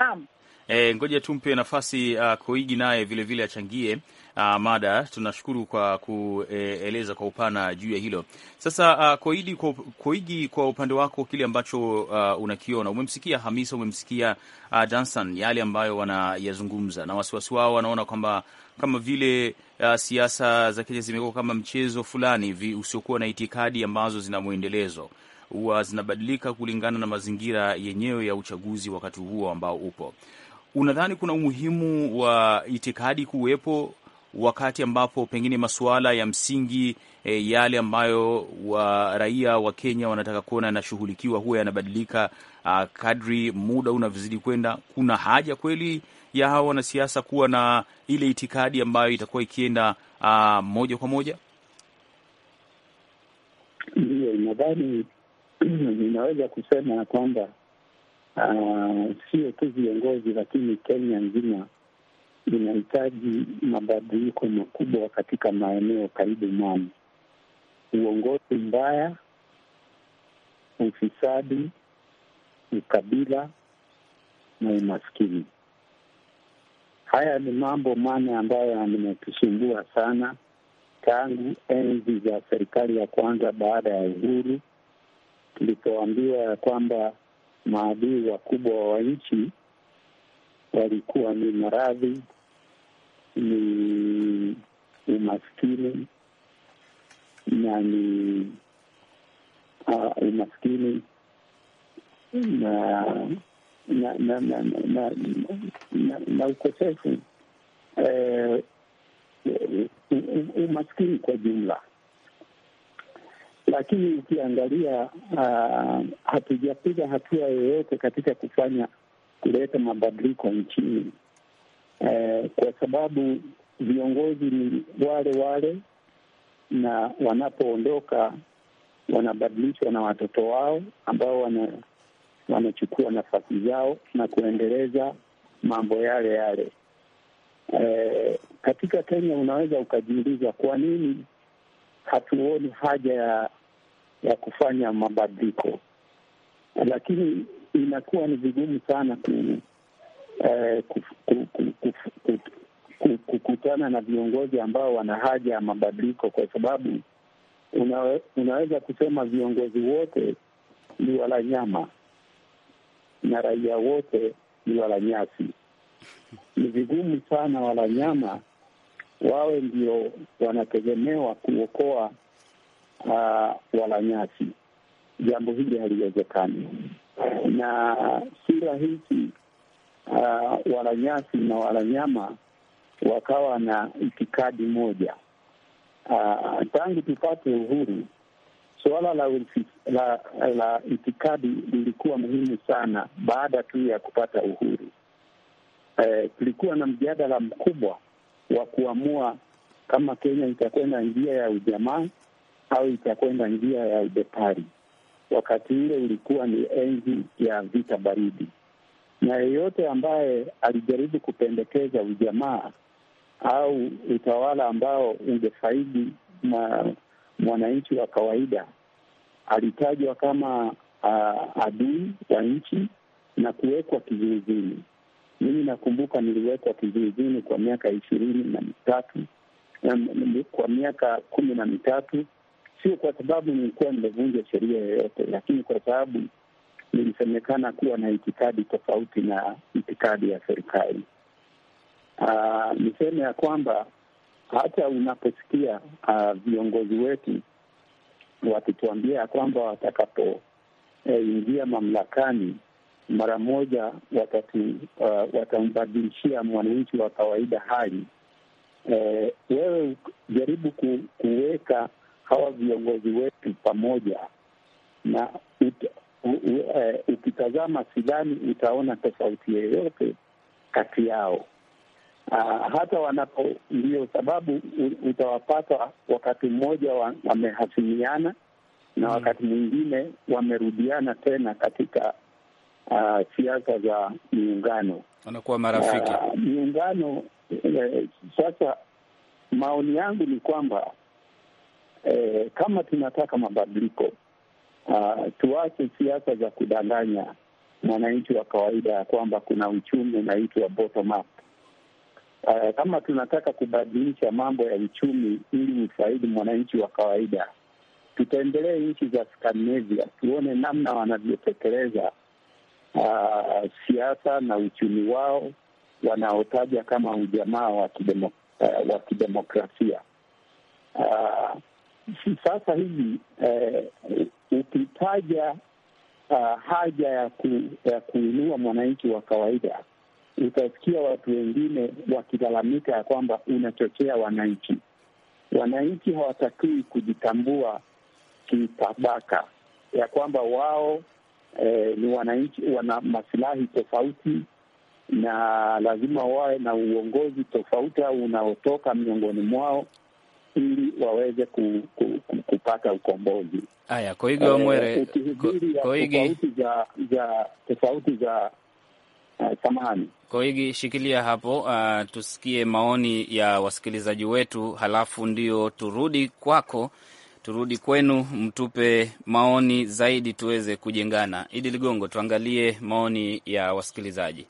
Naam, e, ngoja tumpe nafasi uh, Koigi naye vilevile achangie uh, mada. Tunashukuru kwa kueleza kwa upana juu ya hilo. Sasa uh, Koigi, kwa, Koigi, kwa upande wako kile ambacho uh, unakiona, umemsikia Hamisa, umemsikia uh, Johnson, yale ambayo wanayazungumza na wasiwasi wao, wanaona kwamba kama vile uh, siasa za Kenya zimekuwa kama mchezo fulani hivi usiokuwa na itikadi ambazo zina mwendelezo huwa zinabadilika kulingana na mazingira yenyewe ya uchaguzi wakati huo ambao upo. Unadhani kuna umuhimu wa itikadi kuwepo wakati ambapo pengine masuala ya msingi e, yale ambayo wa raia wa Kenya wanataka kuona yanashughulikiwa huwa yanabadilika kadri muda unavyozidi kwenda. Kuna haja kweli ya hawa wanasiasa kuwa na ile itikadi ambayo itakuwa ikienda a, moja kwa moja? Ndiyo, nadhani ninaweza kusema kwamba sio tu viongozi, lakini Kenya nzima inahitaji mabadiliko makubwa katika maeneo karibu nane: uongozi mbaya, ufisadi, ukabila na umaskini. Haya ni mambo mane ambayo yametusumbua sana tangu enzi za serikali ya kwanza baada ya uhuru, tulipoambiwa ya kwamba maadui wakubwa wa nchi walikuwa ni maradhi, ni umaskini na ni uh, umaskini na na na na na, na, na ukosefu eh, umaskini kwa jumla, lakini ukiangalia uh, hatujapiga hatua yoyote katika kufanya kuleta mabadiliko nchini eh, kwa sababu viongozi ni wale wale na wanapoondoka wanabadilishwa na watoto wao ambao wana, wanachukua nafasi zao na kuendeleza mambo yale yale. E, katika Kenya unaweza ukajiuliza kwa nini hatuoni haja ya ya kufanya mabadiliko, lakini inakuwa ni vigumu sana Eh, kukutana na viongozi ambao wana haja ya mabadiliko, kwa sababu unawe, unaweza kusema viongozi wote ni wala nyama na raia wote ni wala nyasi. Ni vigumu sana wala nyama wawe ndio wanategemewa kuokoa uh, wala nyasi. Jambo hili haliwezekani na si rahisi uh, wala nyasi na wala nyama wakawa na itikadi moja uh, tangu tupate uhuru suala la, la, la itikadi lilikuwa muhimu sana baada tu ya kupata uhuru. Eh, tulikuwa na mjadala mkubwa wa kuamua kama Kenya itakwenda njia ya ujamaa au itakwenda njia ya ubepari. Wakati ule ulikuwa ni enzi ya vita baridi, na yeyote ambaye alijaribu kupendekeza ujamaa au utawala ambao ungefaidi na mwananchi wa kawaida alitajwa kama uh, adui wa nchi na kuwekwa kizuizini. Mimi nakumbuka niliwekwa kizuizini kwa miaka ishirini na mitatu kwa miaka kumi na mitatu, sio kwa sababu nilikuwa nimevunja sheria yoyote, lakini kwa sababu lilisemekana kuwa na itikadi tofauti na itikadi ya serikali. Ah, niseme ya kwamba hata unaposikia ah, viongozi wetu wakituambia ya kwamba watakapoingia eh, e, mamlakani mara moja watatu, uh, watambadilishia mwananchi wa kawaida hali e, wewe jaribu ku, kuweka hawa viongozi wetu pamoja na E, ukitazama sidani utaona tofauti yoyote kati yao. Uh, hata wanapo, ndio sababu utawapata wakati mmoja wamehasimiana na hmm. wakati mwingine wamerudiana tena katika uh, siasa za miungano, wanakuwa marafiki uh, miungano. Uh, sasa maoni yangu ni kwamba uh, kama tunataka mabadiliko Uh, tuache siasa za kudanganya mwananchi wa kawaida ya kwamba kuna uchumi unaitwa bottom up. Uh, kama tunataka kubadilisha mambo ya uchumi ili ufaidi mwananchi wa kawaida, tutaendelee nchi za Scandinavia tuone namna wanavyotekeleza uh, siasa na uchumi wao wanaotaja kama ujamaa wa kidemo, uh, wa kidemokrasia uh, sasa hivi uh, ukitaja uh, haja ya, ku, ya kuinua mwananchi wa kawaida, utasikia watu wengine wakilalamika ya kwamba unachochea wananchi. Wananchi hawatakiwi kujitambua kitabaka, ya kwamba wao eh, ni wananchi, wana masilahi tofauti na lazima wawe na uongozi tofauti au unaotoka miongoni mwao ili waweze ku, ku, ku, kupata ukombozi. Haya, Koiga eh, Mwere, ukihubiri za za tofauti za samani eh, Koigi, shikilia hapo uh, tusikie maoni ya wasikilizaji wetu, halafu ndio turudi kwako, turudi kwenu, mtupe maoni zaidi tuweze kujengana. Idi Ligongo, tuangalie maoni ya wasikilizaji.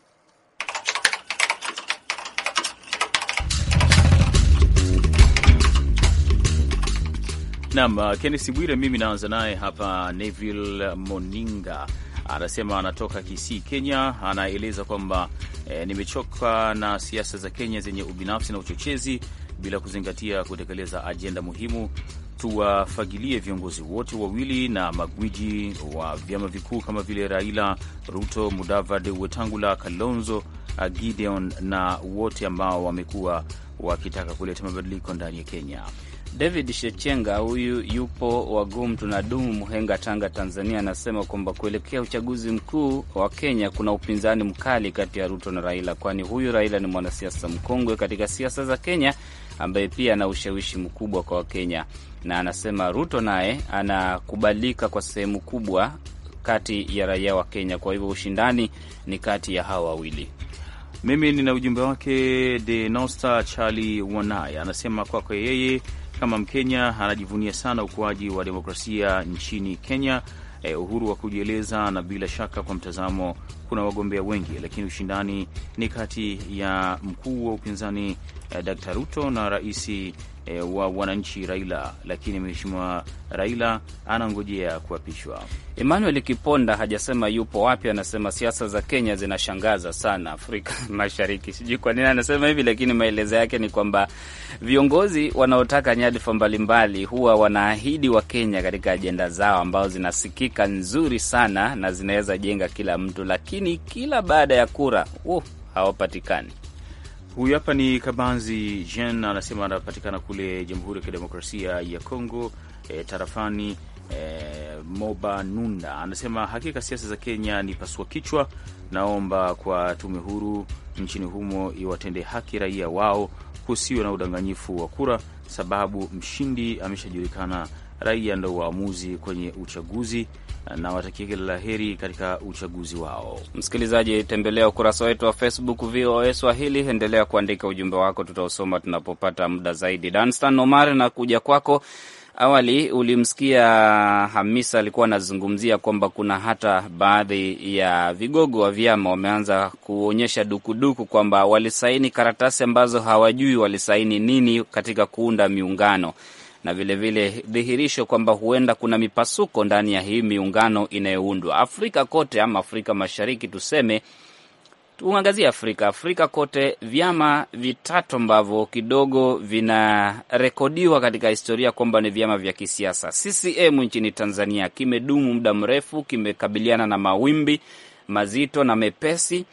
Naam, uh, Kennesi Bwire, mimi naanza naye hapa. Neville Moninga anasema anatoka Kisii, Kenya. Anaeleza kwamba e, nimechoka na siasa za Kenya zenye ubinafsi na uchochezi bila kuzingatia kutekeleza ajenda muhimu. Tuwafagilie viongozi wote wawili na magwiji wa vyama vikuu kama vile Raila, Ruto, Mudavadi, Wetangula, Kalonzo, uh, Gideon na wote ambao wamekuwa wakitaka kuleta mabadiliko ndani ya Kenya. David Shechenga huyu yupo Wagum tunadumu Muhenga, Tanga, Tanzania, anasema kwamba kuelekea uchaguzi mkuu wa Kenya kuna upinzani mkali kati ya Ruto na Raila, kwani huyu Raila ni mwanasiasa mkongwe katika siasa za Kenya ambaye pia ana ushawishi mkubwa kwa Wakenya, na anasema Ruto naye anakubalika kwa sehemu kubwa kati ya raia wa Kenya. Kwa hivyo ushindani ni kati ya hawa wawili. Mimi nina ujumbe wake. Denosta Charli Wanaye, anasema kwako kwa yeye kama Mkenya anajivunia sana ukuaji wa demokrasia nchini Kenya, eh, uhuru wa kujieleza, na bila shaka kwa mtazamo, kuna wagombea wengi, lakini ushindani ni kati ya mkuu wa upinzani eh, Dkt. Ruto na rais e, wa wananchi Raila, lakini mheshimiwa Raila anangojea kuapishwa. Emmanuel Kiponda hajasema yupo wapi, anasema siasa za Kenya zinashangaza sana Afrika Mashariki. Sijui kwa nini anasema hivi, lakini maelezo yake ni kwamba viongozi wanaotaka nyadhifa mbalimbali huwa wanaahidi Wakenya katika ajenda zao ambazo zinasikika nzuri sana na zinaweza jenga kila mtu, lakini kila baada ya kura uh, hawapatikani. Huyu hapa ni Kabanzi Jean, anasema anapatikana kule Jamhuri ya Kidemokrasia ya Kongo, e, tarafani e, Moba Nunda. Anasema hakika siasa za Kenya ni pasua kichwa. Naomba kwa tume huru nchini humo iwatende haki raia wao, kusiwe na udanganyifu wa kura, sababu mshindi ameshajulikana. Raia ndo waamuzi kwenye uchaguzi na kila laheri katika uchaguzi wao. Msikilizaji, tembelea ukurasa wetu wa Facebook VOA Swahili, endelea kuandika ujumbe wako, tutausoma tunapopata muda zaidi. Danstan Omar, na kuja kwako. Awali ulimsikia Hamisa alikuwa anazungumzia kwamba kuna hata baadhi ya vigogo wa vyama wameanza kuonyesha dukuduku kwamba walisaini karatasi ambazo hawajui walisaini nini katika kuunda miungano na vilevile dhihirisho kwamba huenda kuna mipasuko ndani ya hii miungano inayoundwa Afrika kote, ama Afrika Mashariki tuseme. Tuangazie Afrika, Afrika kote, vyama vitatu ambavyo kidogo vinarekodiwa katika historia kwamba ni vyama vya kisiasa. CCM nchini Tanzania kimedumu muda mrefu, kimekabiliana na mawimbi mazito na mepesi.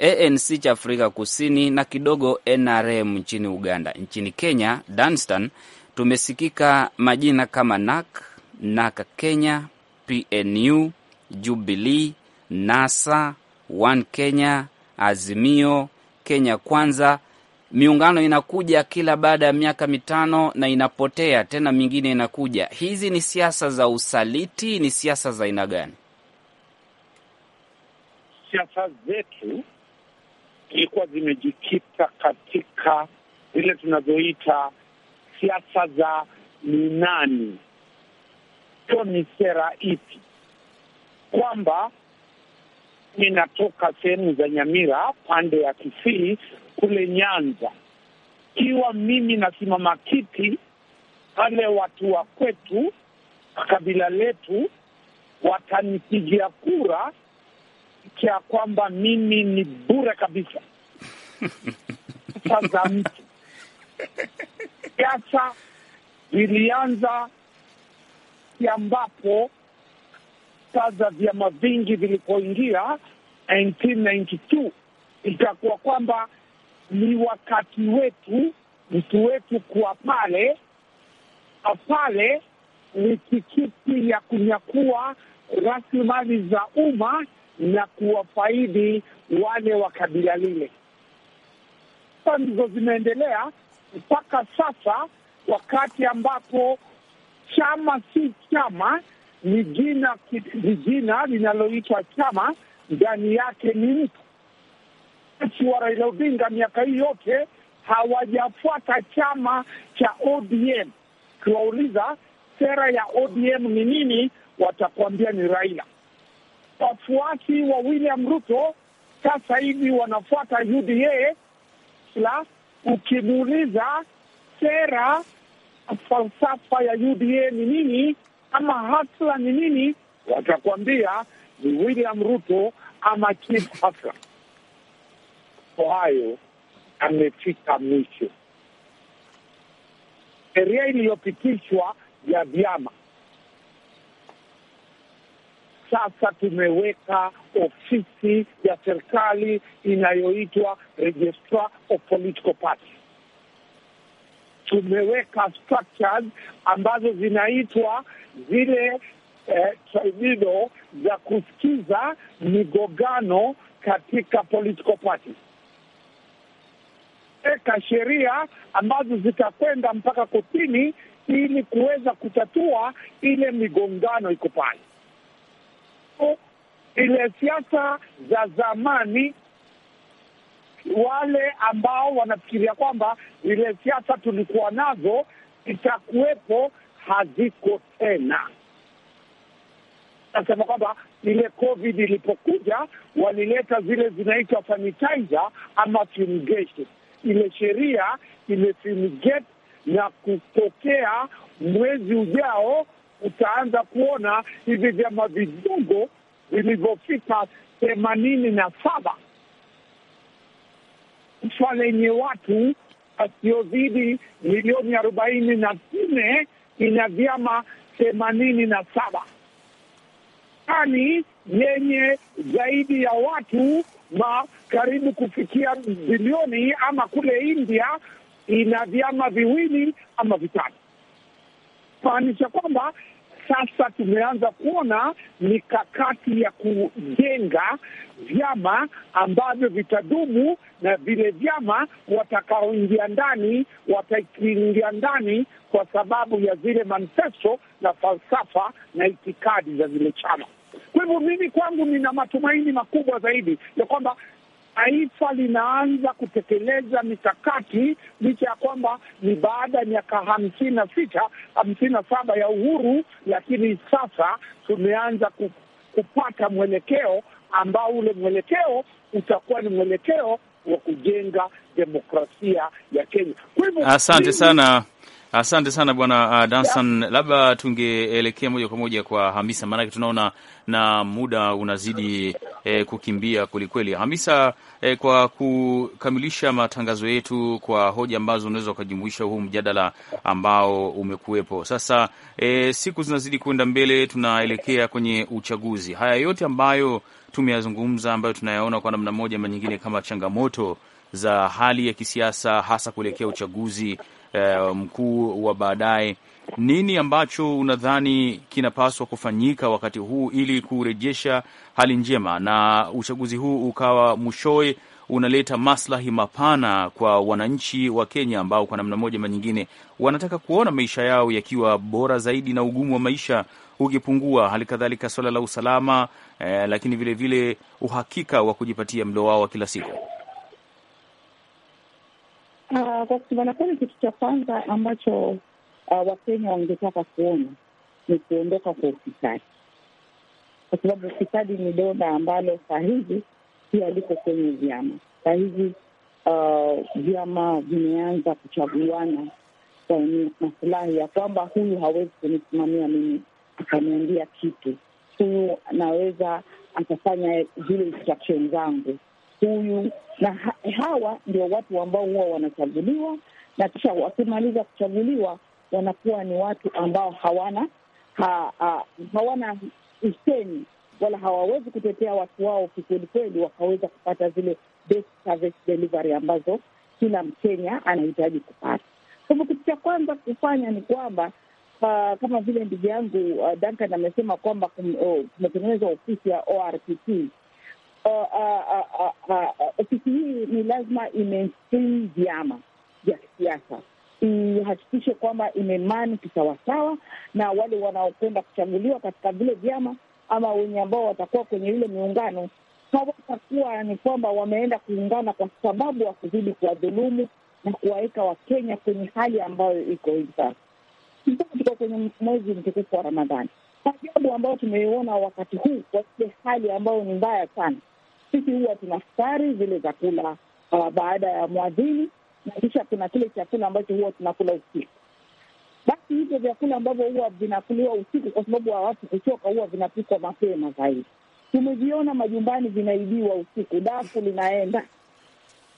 ANC cha Afrika Kusini na kidogo NRM nchini Uganda. Nchini Kenya, Danstan tumesikika majina kama NAK, NAKA Kenya, PNU, Jubilee, NASA, One Kenya, Azimio, Kenya Kwanza. Miungano inakuja kila baada ya miaka mitano na inapotea tena, mingine inakuja. Hizi ni siasa za usaliti, ni siasa za aina gani? Siasa zetu zilikuwa zimejikita katika zile tunazoita siasa za ni nani, hiyo ni sera ipi, kwamba ninatoka sehemu za Nyamira pande ya Kisii kule Nyanza, ikiwa mimi nasimama kiti wale watu wa kwetu wa kabila letu watanipigia kura cha kwamba mimi ni bure kabisa Sasa mtu siasa zilianza ambapo za vyama vingi vilipoingia 1992 itakuwa kwamba ni wakati wetu mtu wetu kuwa pale pale, ni tikiti ya kunyakua rasilimali za umma na kuwafaidi wale wa kabila lile. Ndizo zimeendelea mpaka sasa, wakati ambapo chama si chama, ni jina ni jina linaloitwa chama, ndani yake ni mtu. Wafuasi wa Raila Odinga miaka hii yote hawajafuata chama cha ODM. Ukiwauliza sera ya ODM ni nini, watakuambia ni Raila. Wafuasi wa William Ruto sasa hivi wanafuata UDA la ukimuuliza sera falsafa ya UDA ni nini ama hasla ni nini, watakuambia ni William Ruto ama Kid Hasla. Hayo amefika mwisho. Sheria iliyopitishwa ya vyama sasa tumeweka ofisi ya serikali inayoitwa Registrar of Political Tumeweka structures ambazo zinaitwa zile eh, tribunal za kusikiza migogano katika political parties. Eka sheria ambazo zitakwenda mpaka kotini ili kuweza kutatua ile migongano iko pale sababu zile siasa za zamani, wale ambao wanafikiria kwamba zile siasa tulikuwa nazo zitakuwepo haziko tena. Nasema kwamba ile COVID ilipokuja walileta zile zinaitwa sanitizer ama fumigation. Ile sheria imefumigate na kutokea mwezi ujao utaanza kuona hivi vyama vidogo vilivyofika themanini na saba kufa lenye watu wasiozidi milioni arobaini na nne ina vyama themanini na saba yani yenye zaidi ya watu ma karibu kufikia bilioni ama kule India ina vyama viwili ama vitatu, maanisha kwamba sasa tumeanza kuona mikakati ya kujenga vyama ambavyo vitadumu na vile vyama watakaoingia ndani watakiingia ndani kwa sababu ya zile manifesto na falsafa na itikadi za zile chama. Kwa hivyo mimi kwangu nina matumaini makubwa zaidi ya kwamba taifa linaanza kutekeleza mikakati licha ya kwamba ni baada ya miaka hamsini na sita hamsini na saba ya uhuru, lakini sasa tumeanza kupata mwelekeo ambao ule mwelekeo utakuwa ni mwelekeo wa kujenga demokrasia ya Kenya. Kwa hivyo asante sana. Asante sana bwana uh, Danson, labda tungeelekea moja kwa moja kwa Hamisa, maanake tunaona na muda unazidi eh, kukimbia kwelikweli. Hamisa, eh, kwa kukamilisha matangazo yetu kwa hoja ambazo unaweza ukajumuisha huu mjadala ambao umekuwepo sasa. Eh, siku zinazidi kwenda mbele, tunaelekea kwenye uchaguzi. Haya yote ambayo tumeyazungumza, ambayo tunayaona kwa namna moja ama nyingine kama changamoto za hali ya kisiasa, hasa kuelekea uchaguzi eh, mkuu wa baadaye nini ambacho unadhani kinapaswa kufanyika wakati huu ili kurejesha hali njema na uchaguzi huu ukawa mwishoe unaleta maslahi mapana kwa wananchi wa Kenya ambao kwa namna moja manyingine wanataka kuona maisha yao yakiwa bora zaidi na ugumu wa maisha ukipungua, hali kadhalika swala la usalama eh, lakini vilevile vile uhakika wa kujipatia mlo wao wa kila siku. Ah, kwa uh, kweli, kitu cha kwanza ambacho uh, Wakenya wangetaka kuona ni kuondoka kwa ufisadi, kwa sababu ufisadi ni dona ambalo saa hizi pia liko kwenye vyama. Saa hizi ah, vyama uh, vimeanza kuchaguana kwa masilahi ya kwamba huyu hawezi kunisimamia mimi akaniambia kitu, huyu anaweza akafanya zile instruction zangu huyu na ha, hawa ndio watu ambao huwa wanachaguliwa, na kisha wakimaliza kuchaguliwa wanakuwa ni watu ambao hawana ha, ha, hawana usemi wala hawawezi kutetea watu wao kikwelikweli, wakaweza kupata zile best service delivery ambazo kila Mkenya anahitaji kupata. Kwa kitu cha kwanza kufanya ni kwamba Uh, kama vile ndugu yangu uh, Duncan amesema kwamba uh, kumetengenezwa uh, ofisi ya ORPP. Uh, uh, uh, uh, uh, ofisi hii ni lazima imenstream vyama vya kisiasa ihakikishe kwamba imemani kisawasawa na wale wanaokwenda kuchaguliwa katika vile vyama ama wenye ambao watakuwa kwenye ile miungano hawatakuwa ni kwamba wameenda kuungana kwa sababu ya kuzidi kuwadhulumu na kuwaweka Wakenya kwenye hali ambayo iko hivi sasa. Tuko kwenye mwezi mtukufu wa Ramadhani. Ajabu ambayo tumeiona wakati huu kwa ile hali ambayo ni mbaya sana. Sisi huwa tunafutari zile za kula uh, baada ya mwadhini na kisha kuna kile chakula ambacho huwa tunakula usiku. Basi hivyo vyakula ambavyo huwa vinakuliwa usiku, kwa sababu watu kuchoka, huwa vinapikwa mapema zaidi. Tumeviona majumbani vinaibiwa usiku, dafu linaenda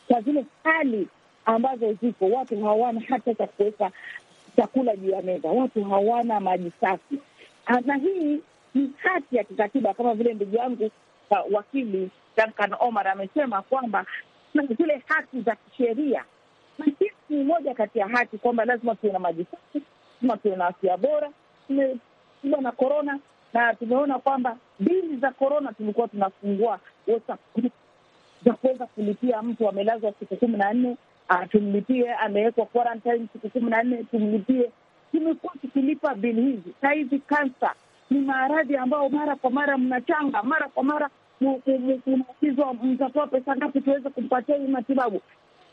kwa zile hali ambazo ziko, watu hawana hata cha kuweka chakula juu ya meza, watu hawana maji safi, ah, na hii ni hati ya kikatiba, kama vile ndugu yangu ah, wakili Duncan Omar amesema kwamba zile haki za kisheria Mantiki ni moja kati ya haki kwamba lazima tuwe na maji safi, lazima tuwe na afya bora. Tumepigwa na korona na tumeona kwamba bili za korona tulikuwa tunafungua WhatsApp za kuweza kulipia mtu amelazwa siku kumi na nne tumlipie, amewekwa quarantine siku kumi na nne tumlipie. Tumekuwa tukilipa bili hizi. Saa hizi kansa ni maradhi ambayo mara kwa mara mnachanga, mara kwa mara unaulizwa mtatoa pesa ngapi tuweze kumpatia hii matibabu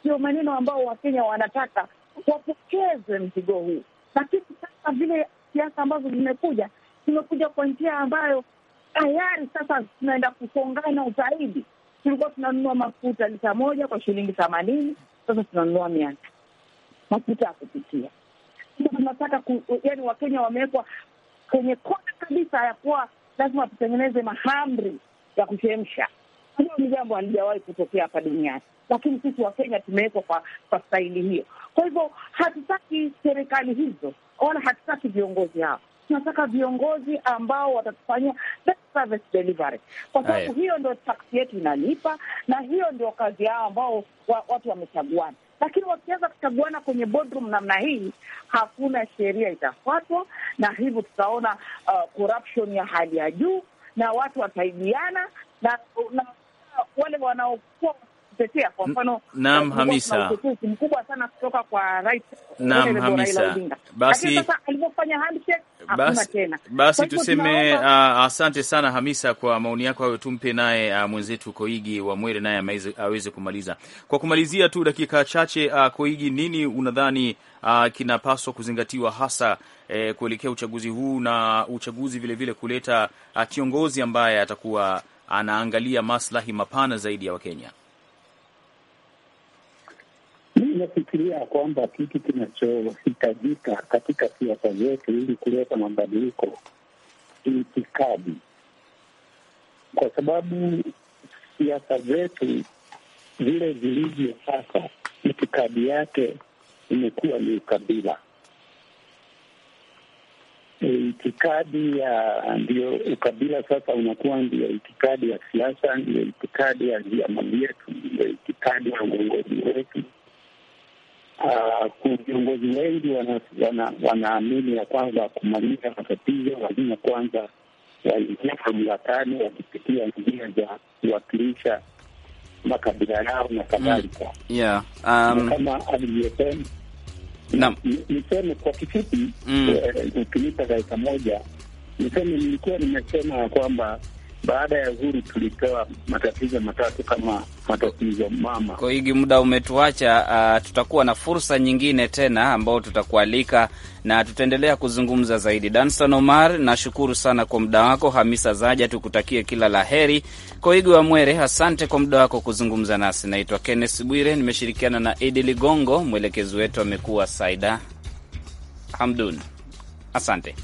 ndio maneno ambao Wakenya wanataka wapokeze mzigo huu. Lakini sasa vile siasa ambazo zimekuja zimekuja kwa njia ambayo tayari sasa tunaenda kusongana zaidi. Tulikuwa tunanunua mafuta lita moja kwa shilingi themanini, sasa tunanunua mia mafuta ya kupikia. Tunataka yani Wakenya wamewekwa kwenye kona kabisa ya kuwa lazima tutengeneze mahamri ya kuchemsha hiyo ni jambo halijawahi kutokea hapa duniani, lakini sisi Wakenya tumewekwa kwa, kwa staili hiyo. Kwa hivyo hatutaki serikali hizo wala hatutaki viongozi hao, tunataka viongozi ambao watatufanyia best service delivery, kwa sababu hiyo ndio taksi yetu inalipa, na hiyo ndio kazi yao ambao wa, watu wamechaguana lakini wakianza kuchaguana kwenye boardroom namna hii, hakuna sheria itafuatwa, na hivyo tutaona uh, corruption ya hali ya juu na watu wataibiana na, na wale wanaokuwa kutetea, kwa mfano naam, eh, Hamisa, utetezi mkubwa sana kutoka kwa right, naam, Hamisa, basi sasa alipofanya handshake basi, basi tuseme uh, asante sana Hamisa kwa maoni yako hayo. Tumpe naye uh, mwenzetu Koigi wa Mwere naye aweze kumaliza. Kwa kumalizia tu dakika chache, uh, Koigi, nini unadhani uh, kinapaswa kuzingatiwa hasa eh, kuelekea uchaguzi huu na uchaguzi vilevile vile kuleta uh, kiongozi ambaye atakuwa anaangalia maslahi mapana zaidi ya Wakenya? Mimi nafikiria kwamba kitu kinachohitajika katika siasa zetu ili kuleta mabadiliko itikadi, kwa sababu siasa zetu vile zilivyo sasa, itikadi yake imekuwa ni ukabila E, itikadi ya ndio ukabila sasa unakuwa ndio itikadi ya siasa, ndio itikadi ya vyama vyetu, ndio itikadi ya uongozi wetu. Uh, viongozi wengi wanaamini wana, wana ya kwanza kumaliza matatizo lazima kwanza waingia mamlakani wakipitia njia za kuwakilisha makabila yao na kadhalika. mm. yeah. um... kama alivyosema niseme kwa kifupi, ukiita mm. eh, eh, dakika moja, niseme nilikuwa nimesema ya kwamba baada ya Uhuru tulipewa matatizo matatu kama matatizo mama. Kwa muda umetuacha, uh, tutakuwa na fursa nyingine tena ambao tutakualika na tutaendelea kuzungumza zaidi. Danstan Omar, nashukuru sana kwa muda wako. Hamisa Zaja, tukutakie kila la heri. Koigi wa Mwere, asante kwa muda wako kuzungumza nasi. Naitwa Kenneth Bwire, nimeshirikiana na Idi Ligongo, mwelekezi wetu amekuwa Saida Hamdun. Asante.